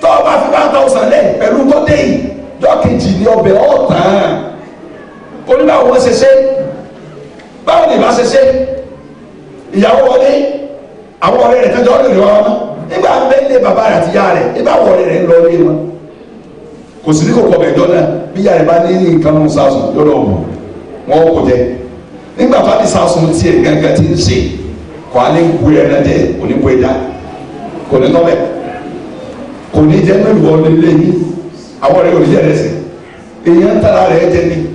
tó o bá fi bá ta ọ̀sán lẹ̀ pẹ̀lú tó dé yìí dọ́kejì ni ọbẹ̀ ọ̀tàn oníbàwọ̀ ṣe ṣe báwo ni ìbá ṣe ṣe ìyàwó wọlé àwọn ọ̀rẹ́ rẹ̀ tẹ́jọ́ lè wá wọn nígbà mẹ́lẹ̀ bàbá rẹ̀ àti ìyá rẹ̀ nígbà ọ̀rẹ́ rẹ̀ ń lọ lé wọn kò sí ní kò kọ̀ bẹ̀jọ́ náà bí ìyá rẹ̀ bá ní nǹkan mú sásùn yóò lọ wù wọn kò jẹ nígbà bá ní sásùn tiẹ̀ gángan ti ń ṣe kò á ní bu ẹ̀ náà jẹ kò ní bu ẹ̀ dá kò ní nọ́bẹ̀ kò ní jẹ́ mẹ́lùú ọ̀rẹ́ lé àwọn ọ̀rẹ́ òní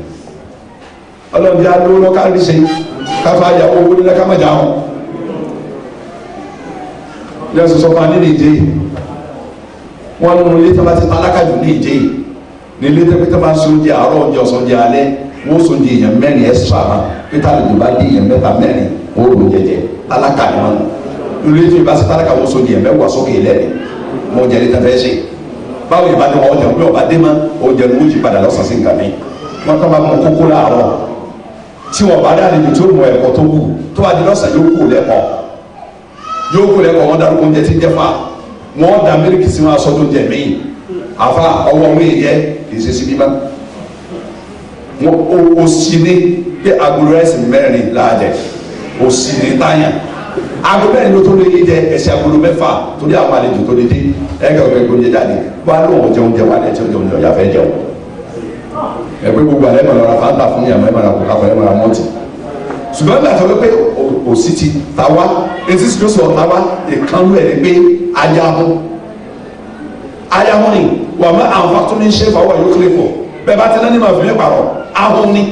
ọlọ́run jẹ́ alówó lọ kárí ṣe káfa àyàwó owó nílẹ̀ ká mọ̀jà wọn. ilé ẹ̀sùn sọ́kàn ní nìjẹ́ wọn nù ilé tó bá ti tálákà jù ní ìjẹ́ ní ilé tó pété máa ń so oúnjẹ àárọ̀ oúnjẹ ọ̀sán oúnjẹ alẹ́ wọ́n so oúnjẹ èèyàn mẹ́rin ẹ̀ àmà pété àlejò bá dé èèyàn mẹ́ta mẹ́rin wọ́n rò jẹjẹ tálákà ni wọn nù ilé tó ìbá sí tálákà wọ́n so oúnjẹ mẹ́wàá sókè lẹ́ni mọ̀ jẹ́ ní tẹ́fẹ́ ṣe báwo ìbá dé wọn ọjà ọba dé mọ́ ọjà ló ń jí padà lọ́sàn-án sí nǹkan mi wọ́n tọ́ bá mọ kókó láàárọ̀ tí wọn bá dáre lè tó mọ ẹ̀kọ́ tó wù tó bá di lọ́sàn yóò kó lẹ́kọ̀ọ́ yóò kó lẹ́kọ̀ọ́ wọn darúgbó oúnjẹ tí ń wọn da mílíkì sí wọn aṣọ tó ń jẹ mí àfa ọwọ́ wọn yìí yẹ kì í ṣe sí bíbá wọn o sì ní pé agolo ẹsìn mẹ́rin láàjẹ o sì ní táyà agolo mẹ́rin ló tó lè yé jẹ ẹsẹ agolo mẹ́fà torí àwọn àlejò tó lè dé ẹgbẹ́ ọgbẹ́ gbóúnjẹ jáde wọn á lóun jẹun jẹun alẹ́ jẹun jẹun ọ̀yà fẹ́ jẹun ẹ pé gbogbo àlẹ́ mọ̀lára fanta fún yàrá ẹ mọ̀lára kókà ẹ mọ̀lára mọ́tì ṣùgbọ́n nígbà tó wípé òsì ti ta wá etí sì ló sọ ta wá ìkànnú ẹ̀ gbé ajá mú ajá mú ni wà má àǹfà tó ní ṣe fàwọn yóò kílè fọ bẹ́ẹ̀ bá ti náà ní màá fi lè pààrọ̀ ahun ni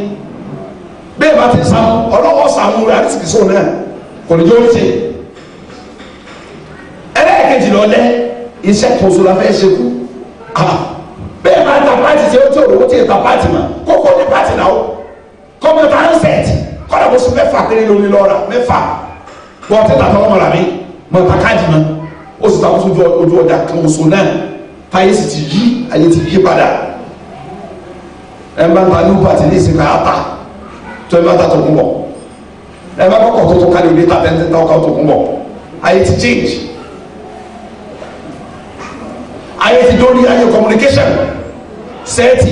bẹ́ẹ̀ bá ti sàmú ọlọ́wọ́ sàmú rẹ̀ àti sìkìsọ́ náà kò ní yóò ṣe ẹlẹ́ẹ̀kejì lọ́lẹ́ iṣẹ́ kóso la fẹ́ ṣe kú ah àwọn pati ṣe ó tí òrò tí ìta pati mà kókó ní pati náà kọ́mọ transit kọ́dà kó sùn mẹ́fà péré lórí lọ́ra mẹ́fà bọ́ ọtí tàtọ́ ọmọ rà mí mọ ìta káàdì mà ó sì tàwọn sójú ojú ọjà kan oṣù náà táyé sì ti yí ayé ti yí padà ẹ máa ń ta new party ní ìsìnkú àtà tó ẹ máa ta tó kún bọ̀ ẹ máa kọ́kọ́ tó tó kálí ìdí ta tẹ́tẹ́ tá ọkọ̀ tó kún bọ̀ ayé ti change ayé ti dórí ayé communication sẹ́ẹ̀tì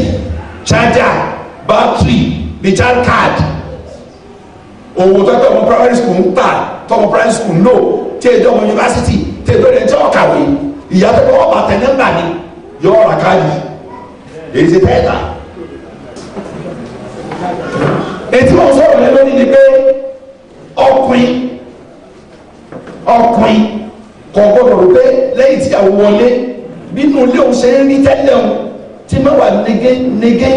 chájà bátìrì recharge card òwò tọ́jú ọmọ primary school ń tà tọmọ primary school lò tí èdè ọmọ yunifásitì tí èdè ọmọ ẹjọ́ kàwé ìyá tó kọ́ ọba tẹ̀ nọ́mbà ni yọ ọ̀rà káàdì èyí ṣe tẹ́ẹ̀ta. ètí wọn sọ̀rọ̀ lé lónìí ni pé ọkùnrin ọkùnrin kò gbọdọ̀ rò pé lẹ́yìn tíyàwó wọlé bínú ilé òun ṣe ń rí tẹ́lẹ̀ òun tí má wà nege nege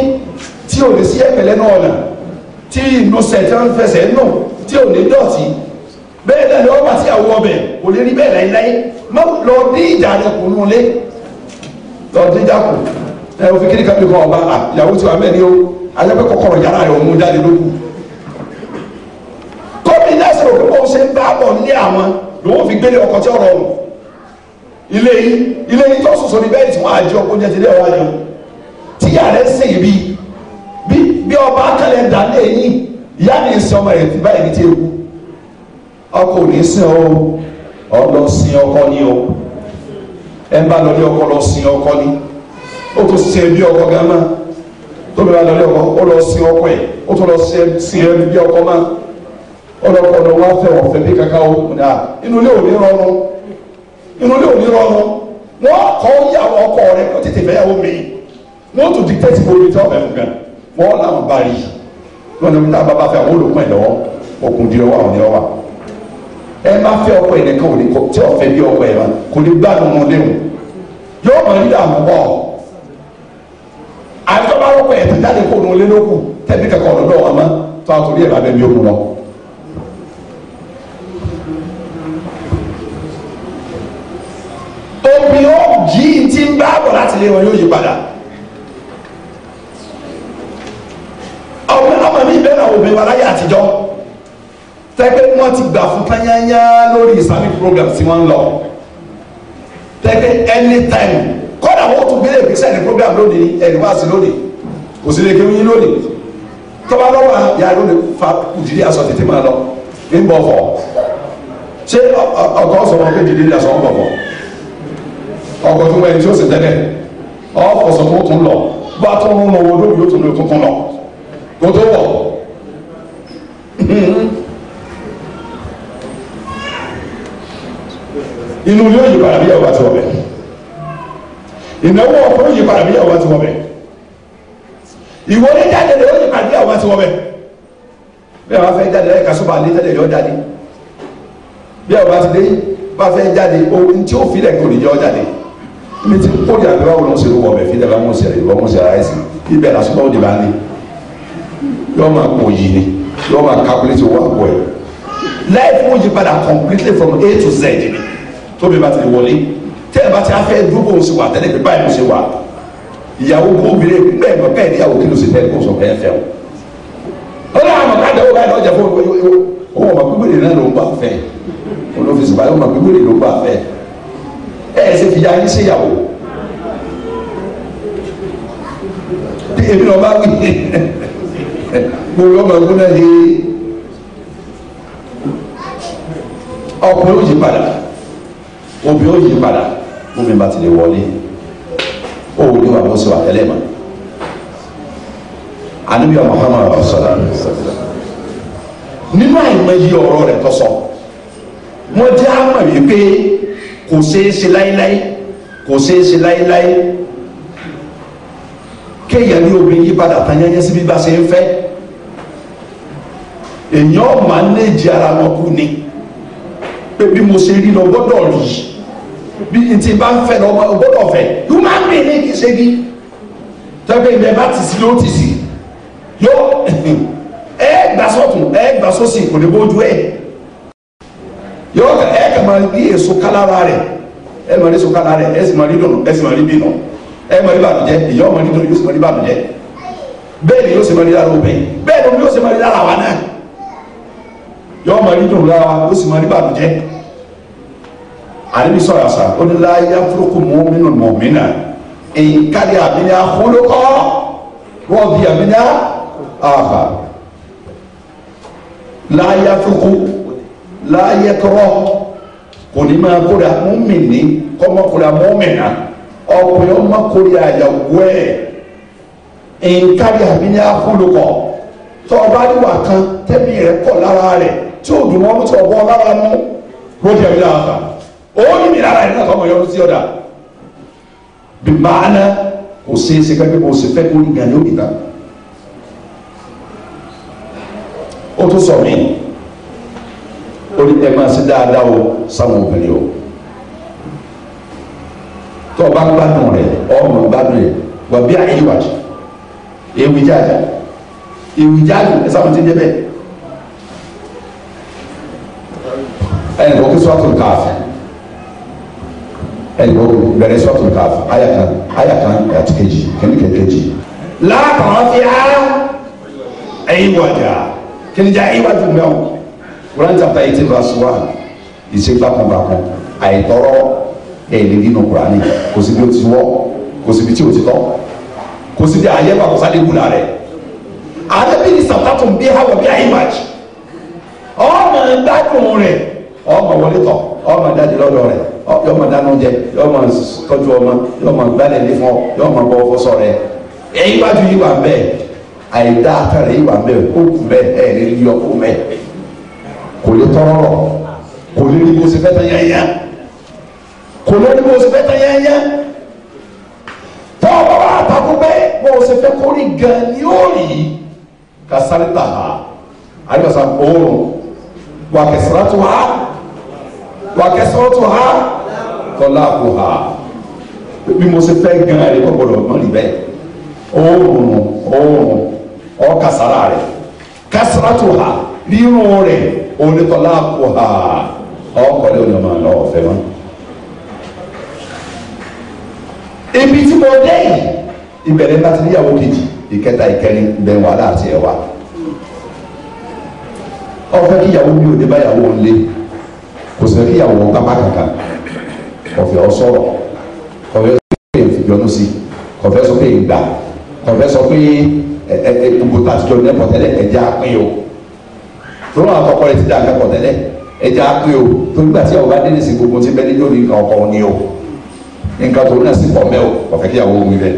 tí ò lè sí ẹ̀pẹ̀lẹ́ náà ọ̀nà tí ìnusẹ̀ tí wọ́n fẹsẹ̀ nù tí ò ní dọ̀tí bẹ́ẹ̀ náà ni wọ́n wà sí àwọ̀ ọbẹ̀ kò lè rí bẹ́ẹ̀ láíláí má lọ dí ìjà rẹ̀ kù nù lé lọ dí ìjà kù ẹ òfin kiri kábíyì kan ọba ìyàwó tí wà mẹ́ ni ó ayọ́pẹ́ kọ́kọ́rọ́ yàrá rẹ̀ òun jáde lókun kọ́mi náà sọ̀rọ̀ pé wọ́n ṣe ń bá bọ̀ ní àwọn lòun fi gbélé ọkọ̀ tí ọ̀rọ̀ ọ̀hún ilé yìí ilé yìí tó sòsò ní bẹ́ẹ̀ tí wọ́n á jẹ́ jẹ́ ti dé ọ̀rọ̀ àjẹun tíyà rẹ̀ ṣe Bi, bí bí ọba akẹ́lẹ̀ dà lé yín ìyá mi ń ọmọ rẹ̀ fi báyìí ti ewu ọkọ ò ní sin ọ ọ lọ sin ọkọ ní o ẹ bá lọ lé ọkọ lọ sin ọkọ ní o tó sin ẹbí ọkọ gan mọ́ tóbi wà lọ lé ọkọ ó lọ sin ọkọ yẹ ó tó lọ sin ẹbí ọkọ mọ́ ọlọpọlọ wa fẹ́ ọ̀fẹ́ bí kankan o kùn dà inú ilé òní rọrùn inú ilé òní rọrùn wọn kọ yàwó ọkọ rẹ̀ kó tètè fẹ́ yàwó mi not to dictate bó ní tí wọ́n fẹ́ fún gan wọ́n làwọn bá rí lọ́nà wípé táwọn bá fẹ́ àwọn olùkọ́ ẹ̀ lọ́wọ́ okùn di ọwọ́ àwọn ni ọwà ẹ má fẹ́ ọkọ ẹ̀ nìkan òní kọ tí ọ̀fẹ́ bí ọkọ ẹ̀ wa kò ní gbádùn ọmọ léwu yóò mọ̀ nígbà mọ̀ bọ̀ àìsàn bá rọ́pò ẹ̀ tó jáde kó nu lélókù tẹ̀mí kẹ̀kọ́ ọ̀dọ́ ọmọ tó a torí ẹ̀ bá bẹ̀ mí okùn lọ. omi ó jí ti ń gbá bọ̀ láti lé wọn yóò yí padà. ọmọ ọmọ mi bẹ́ẹ̀ náà obìnrin wa láyé àtijọ́ tẹ́gbẹ́ wọ́n ti gbà fún tányányá lórí islamic programs tí wọ́n ń lọ tẹ́gbẹ́ anytime kọ́dà wọ́n tún gbé ìgbésẹ̀ ní program lónìí ẹ̀rí wá sí lónìí kò sí lè kéwì yín lónìí tọ́ba lọ́wọ́ yàrá lónìí fa ìdílé aṣọ tètè máa lọ ń bọ̀ fọ̀ ṣé ọkọ̀ sọ̀rọ̀ pé ìdílé aṣọ ń bọ̀ fọ̀ ọkọ̀ tó wẹ̀ ní tí ó sì tẹ́lẹ̀ ọ̀ fọ̀sọ̀ tó tún lọ bá tó ń lọ wo lóbi ó tún lọ tó lọ kó tó wọ̀ inú ilé yìí padà bí ìyàwó bá ti wọ̀ bẹ̀ ìnáwó ọkọ yìí padà bí ìyàwó bá ti wọ̀ bẹ̀ ìwọ ní jáde lè yóò yí padà bí ìyàwó bá ti wọ̀ bẹ̀ bí àwọn afẹ́ jáde lẹ́yìn kásùbà lé jáde lè yọ jáde bí àwọn bá ti dé bá fẹ́ jáde ohun tí ó fi lẹ̀ kò ní yọ jáde mi ti kó di àgbẹ̀wò lọ́sẹ̀rẹ̀ wọ̀ bẹ̀ fi dẹ̀ bá mọ̀ sẹ̀rẹ̀ ìwọ mọ̀ sẹ̀rẹ̀ àìsàn ibẹ̀ làṣùpọ̀ òde bá ń yóò máa kò yìí ni yóò máa calculate owó àpò ẹ̀ life ó yí padà completely from a to z ni tóbi bá ti wọlé tẹ́ ẹ bá ti afẹ́ dúró òun ṣe wà tẹ́lẹ̀ pé báyìí ló ṣe wà ìyàwó gbóbìnrin bẹ́ẹ̀ mọ̀ bẹ́ẹ̀ níyàwó kí ló ṣe tẹ́lẹ̀ kó sọ bẹ́ẹ̀ fẹ́ o ó ní àwọn káàdì owó káàdì ọjà fún òun ọmọ gbígbèrè náà ló ń bá fẹ́ olófìsì báyìí ọmọ gbígbèrè ló ń bá fẹ́ ẹ ẹ ṣe fi ya yín ṣèyàwó èmi lọ bá wí. mo lọ́ máa gbóná de ọkùnrin ó yí padà obìnrin ó yí padà omi bá ti lè wọlé ó wò ní wà bó so àtẹlẹ mọ anabiya Muhammad ọsọlá nínú àìmọye ọ̀rọ̀ rẹ̀ tó sọ wọn jẹ àmọ́ wípé kò ṣeé ṣe láéláé kò ṣeé ṣe láéláé kéèyàn ní obìnrin yí padà tán yẹn yẹn síbi bá ṣe ń fẹ́ èèyàn máa ń léjì ara wọn kú ni pé bí mo ṣe rí lọ gbọ́dọ̀ rí bí n ti bá ń fẹ́ lọ gbọ́dọ̀ fẹ́ human being ní kì í ṣe kí tẹ́gbẹ́ ibẹ̀ bá ti sí ló ti sí yóò ẹ gbà sọ́tún ẹ gbà sósì kò ní bójú ẹ yóò ẹ kà máa rí èso kálára rẹ ẹ máa rí èso kálára rẹ ẹ sì máa rí dùn ẹ sì máa rí bínú ẹ mọ ní bànújẹ́ èyí ọmọ nítorí yóò sì mọ ní bànújẹ́ bẹ́ẹ̀ ni yóò sì mọ ní lára obìnrin bẹ́ẹ̀ ni yóò sì mọ ní lára wa náà yọ ọmọ nítorí lára wa yóò sì mọ ní bànújẹ́ àlebi sọ̀rọ̀ àṣà ó ní láyé afúrúkú mọ́ mínú mọ́ mínà nkárí àbíní ahólókọ́ rọ́ọ̀bì àbíní àbà láyé afúrúkú láyé kọ́rọ́ kò ní máa kóra mọ́mìnì kọ́mọkùnrin mọ́mìnà ọ̀pẹ̀ ọmọ kori àyàwó ẹ̀ nkárí àbíyá fúlùkọ̀ tó ọba àdìwà kan tẹ́mi rẹ̀ kọ̀ lára rẹ̀ tí ó dùn wọ́n tí ọ̀bọ̀ lára mú lóde ẹ̀mí náà ta òun ní mi lára ẹ̀ náà kọ́ ọmọ yọrù sí ọ̀dà bí màánà kò sí ẹsẹ̀ kẹ́kẹ́ kò sí fẹ́ kó ní gàdó ìta ó tún sọ mí ó ní ẹ̀ máa ṣe dáadáa o sáwọn obìnrin o tó o bá gbádùn rẹ̀ ọmọ gbádùn rẹ̀ wà bí àyè ìwàjì ewu jáde ewu jáde ẹ sábà ti dé bẹ́ẹ̀ ẹnì kan kí sọ́ọ̀tún káàfin ẹnì kan bẹ̀rẹ̀ sọ́ọ̀tún káàfin ayakan ayakan àti kejì kíní kejì láàkàn fi ara ẹ̀yìn wọ̀jà kíní já ẹ̀yìn wájú mẹ́wọ̀n Quran chapter eighteen verse one ìṣègbàkùnbàkùn àìtọ́rọ́ ẹ̀ lè rí inú kùránì kò síbi o ti wọ́ kò síbi tí ó ti tọ́ kò síbi ààyè bá kò sáré wúlà rẹ̀ àdébí ni sàtàtùn bí hàwọ̀ bí àyèmájì ọmọ gbádùn rẹ̀ ọmọ wọlé tọ̀ ọmọ dájú lọ́dọ̀ rẹ̀ yọ ọmọ dáná jẹ yọ ọmọ tọ́jú ọmọ yọ ọmọ gbálẹ̀ ní fún ọ yọ ọmọ bọ́ fọ́sọ rẹ̀ ẹ̀yìn wájú yìí wà bẹ́ẹ̀ àìdá àtàrà yìí wà bẹ́ẹ̀ ó kù bẹ́ẹ̀ ẹ̀ lè yọ kù bẹ́ẹ̀ kò lè tọ́rọ̀ kò lè rí bó ṣe fẹ́ tán yányá kò lórí bó ṣe fẹ́ tán yányá tọ́wọ́ bá wà tako pé bó ṣe fẹ́ kó rí gan ni ó rí ka sáré tà á àyùbọ̀sà òórùn wà kẹsàrà tó ha wà kẹsàrà tó ha tọ́lá kò ha bí mo ṣe fẹ́ gan rẹ̀ kọ́ gbọ́dọ̀ mọ́ rí bẹ́ẹ̀ òórùn òórùn ọ̀ kàsàrà rẹ̀ kàsàrà tó ha rírun rẹ̀ onítọ́lá kò ha ọkọ̀ lẹ́yìn ọmọ ọ̀fẹ́ mọ́. ibi tí mo dé yìí ìbẹ̀rẹ̀ bá ti níyàwó kejì ìkẹta ìkẹrin bẹ́ẹ̀ wàhálà àti ẹ̀wà ọ̀fẹ́ kíyàwó mi ò ní báyàwó lé kò sì fẹ́ kíyàwó kápá kankan ọ̀fẹ́ ọ sọ̀rọ̀ ọ̀fẹ́ sọ pé ìfìjọ́nù sí ọ̀fẹ́ sọ pé ìgbà ọ̀fẹ́ sọ pé ẹ gbogbo tàtijọ́ ní ẹ̀pọ̀ tẹ́lẹ̀ ẹ̀já o tó wọn àkọ́kọ́ rẹ̀ ti dà kẹ́kọ̀ọ́ tẹ́lẹ̀ ẹ̀já pín o tó nígbà tí ọ̀gá dé ní sí gbogbo ti bẹ́ẹ̀ ní lórí ọkọ̀ ni o nǹkan tó náà sì pọ̀ mẹ́ o ọ̀fẹ́ kíyàwó wí bẹ́ẹ̀.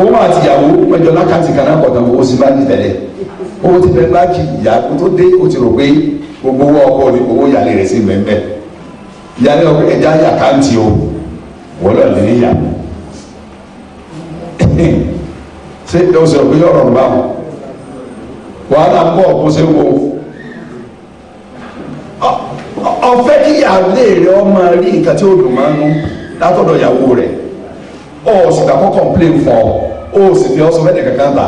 owó àtìyàwó mẹjọ lákàtì kan náà kọ̀tàn owó sí bá ní tẹ̀lé owó ti bẹ báàkì ìyá tó dé o ti rò pé gbogbo owó ọkọ ni owó ìyàlẹ̀ rẹ̀ sí bẹ́ẹ̀ ìyàlẹ̀ ọkọ ẹja yà káǹtì o wọ́n lọ lè níyà ṣé o sọ̀rọ̀ pé yọ̀rọ̀ ń bá wọn wàhálà ń bọ̀ kó ṣe ń wo. fẹ́ kí ìyáálé rẹ ọmọ rí nǹkan tí ó dùn máa ń nú látọ̀dọ̀ ìyàwó rẹ̀ ó sì gbà kọ́ complain fún ọ ó sì fi ọsọ fẹ́ẹ̀dẹ̀ kankan ta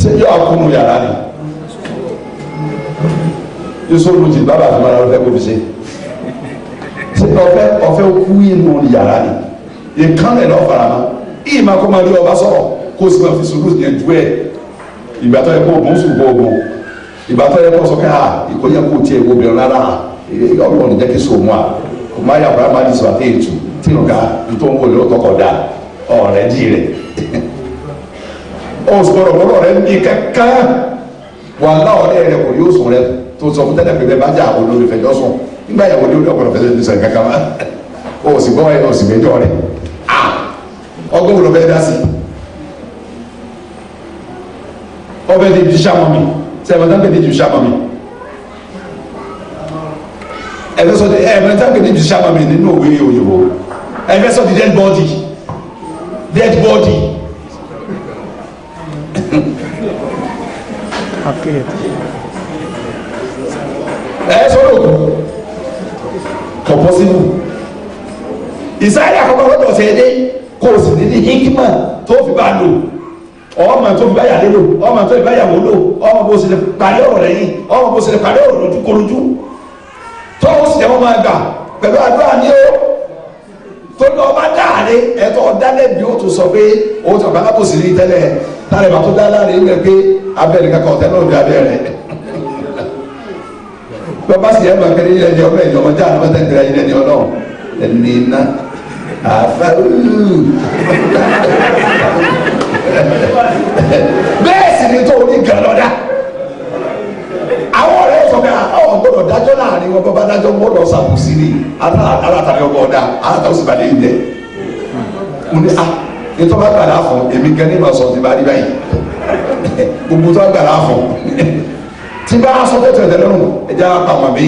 ṣé yóò kúnnú yàrá ni yusuf lùjì bàbá àti mọ́ra ló fẹ́ kó fi ṣe ṣé ọfẹ́ ọfẹ́ kú inú yàrá ni ìkànnì lọ́ọ́ fara mọ́ ìmọ̀ kó máa lé ọba sọ̀rọ̀ kó o sì máa fi sùúrù yẹn ju ẹ̀ ìgbà tó yẹ kó o bùn sùn kó o bùn ìgbà tó yẹ kó sọ pé ha ìkóyẹ kó tiẹ̀ wo bìrọ̀ rárá ọlọ́run jẹ́ kí sòmù à kò má yà bàbá ní sọ̀tẹ́ ètù tí nǹka tó ń wò ló tọkọ̀ dà ọ̀rẹ́ dì rẹ̀ ó sọ̀rọ̀ bọ́lọ̀ rẹ̀ ní kankan wà láọ̀rẹ́ rẹ̀ kò yóò sùn rẹ̀ tó sọ fún tẹ́lẹ̀ pé bẹ́ẹ̀ bá jà olórí fẹjọ́ sùn nígbà yà olórí ọ̀pọ̀lọpọ̀ fẹjọ́ ti sọ kankan ma ó sì gbọ́ ẹ̀ ó sì méjọ rẹ̀ ọgbọ́n wò ló fẹ́ dá sí ọbẹ̀ ti di sàmọ́mi sẹ̀wọ̀n tán kẹ́ni jù sábà mi ẹ̀fẹ́ sọ di ẹ̀fẹ́ tán kẹ́ni jù sábà mi nínú òwe òyìnbó ẹ̀fẹ́ sọ dead body dead body. ẹ̀ sọ́dọ̀ kù kò pọ́sibú ìsáyà kọ́kọ́ lọ́dọ̀ ọ̀sẹ̀ dé kò sì ní ní hikima tó fi bá a lò ọmọ tó bá yàlé lò ọmọ tó bá yàwó lò ọmọ bó ṣe lè parí ọ̀rọ̀ rẹ̀ yìí ọmọ bó ṣe lè parí ọ̀rọ̀ lójú korojú tó o sì lè wọn máa gbà pẹ̀lú àdúrà ní o tó ní ọba dáàlé ẹ̀tọ́ ọ̀dálẹ́bí o tó sọ pé o tó bá lábòsí ní tẹ́lẹ̀ tálẹ̀ bá tó dá láre ń bẹ pé abẹ́rẹ́ kankan ọ̀tẹ́ náà bí abẹ́rẹ́ bàbá sì ẹ̀ máa kẹ́lẹ́ ilẹ̀ ẹ̀jẹ̀ ọ̀bẹ ìjọba jáà ló tẹ̀ tẹ̀lé ilẹ̀ ẹ̀jẹ̀ ọlọ́run ẹ̀ bẹ́ẹ̀ sì ni tó o ní gan lọ́dá àwọn ọ̀rẹ́ sọ pé ọ̀ ah, gbọ́dọ̀ dájọ́ láàrin wọn bọ́ba dájọ́ gbọ́dọ̀ sàkóso ni alátàrí ọgbọ́ ọ̀dà alátàrí sì balẹ̀ ilẹ̀ mo ní a ah, ètò bá gbàdá fún èmi gan ní ma sọ ti bá rí báyìí gbogbo tó gbàdá fún tí bá a sọ tó tẹ̀lé lọ́rùn ẹ̀já pàmò mi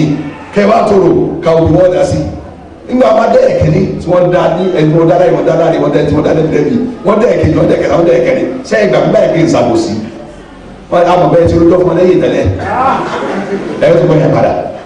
kẹ́ wàá tó rò ká òbí wọ́n dá sí i nígbà wọn dẹ́ ẹ̀kẹ́ni tí wọ́n da ní ẹni wọn dára ìwọ̀n dára ìwọ̀n dára ìwọ̀n dára ìdẹ́bi wọ́n dẹ́ ẹ̀kẹ́ni wọ́n dẹ́ ẹ̀kẹ́ni wọ́n dẹ́ ẹ̀kẹ́ni sẹ́yìn ìgbà nígbà ìgbà ìsàbòsí wọn àmọ̀ bẹ́ẹ̀ tí olójó fún ọ lẹ́yìn tẹ́lẹ̀ ah! ẹ̀ tó bọ́ yẹn padà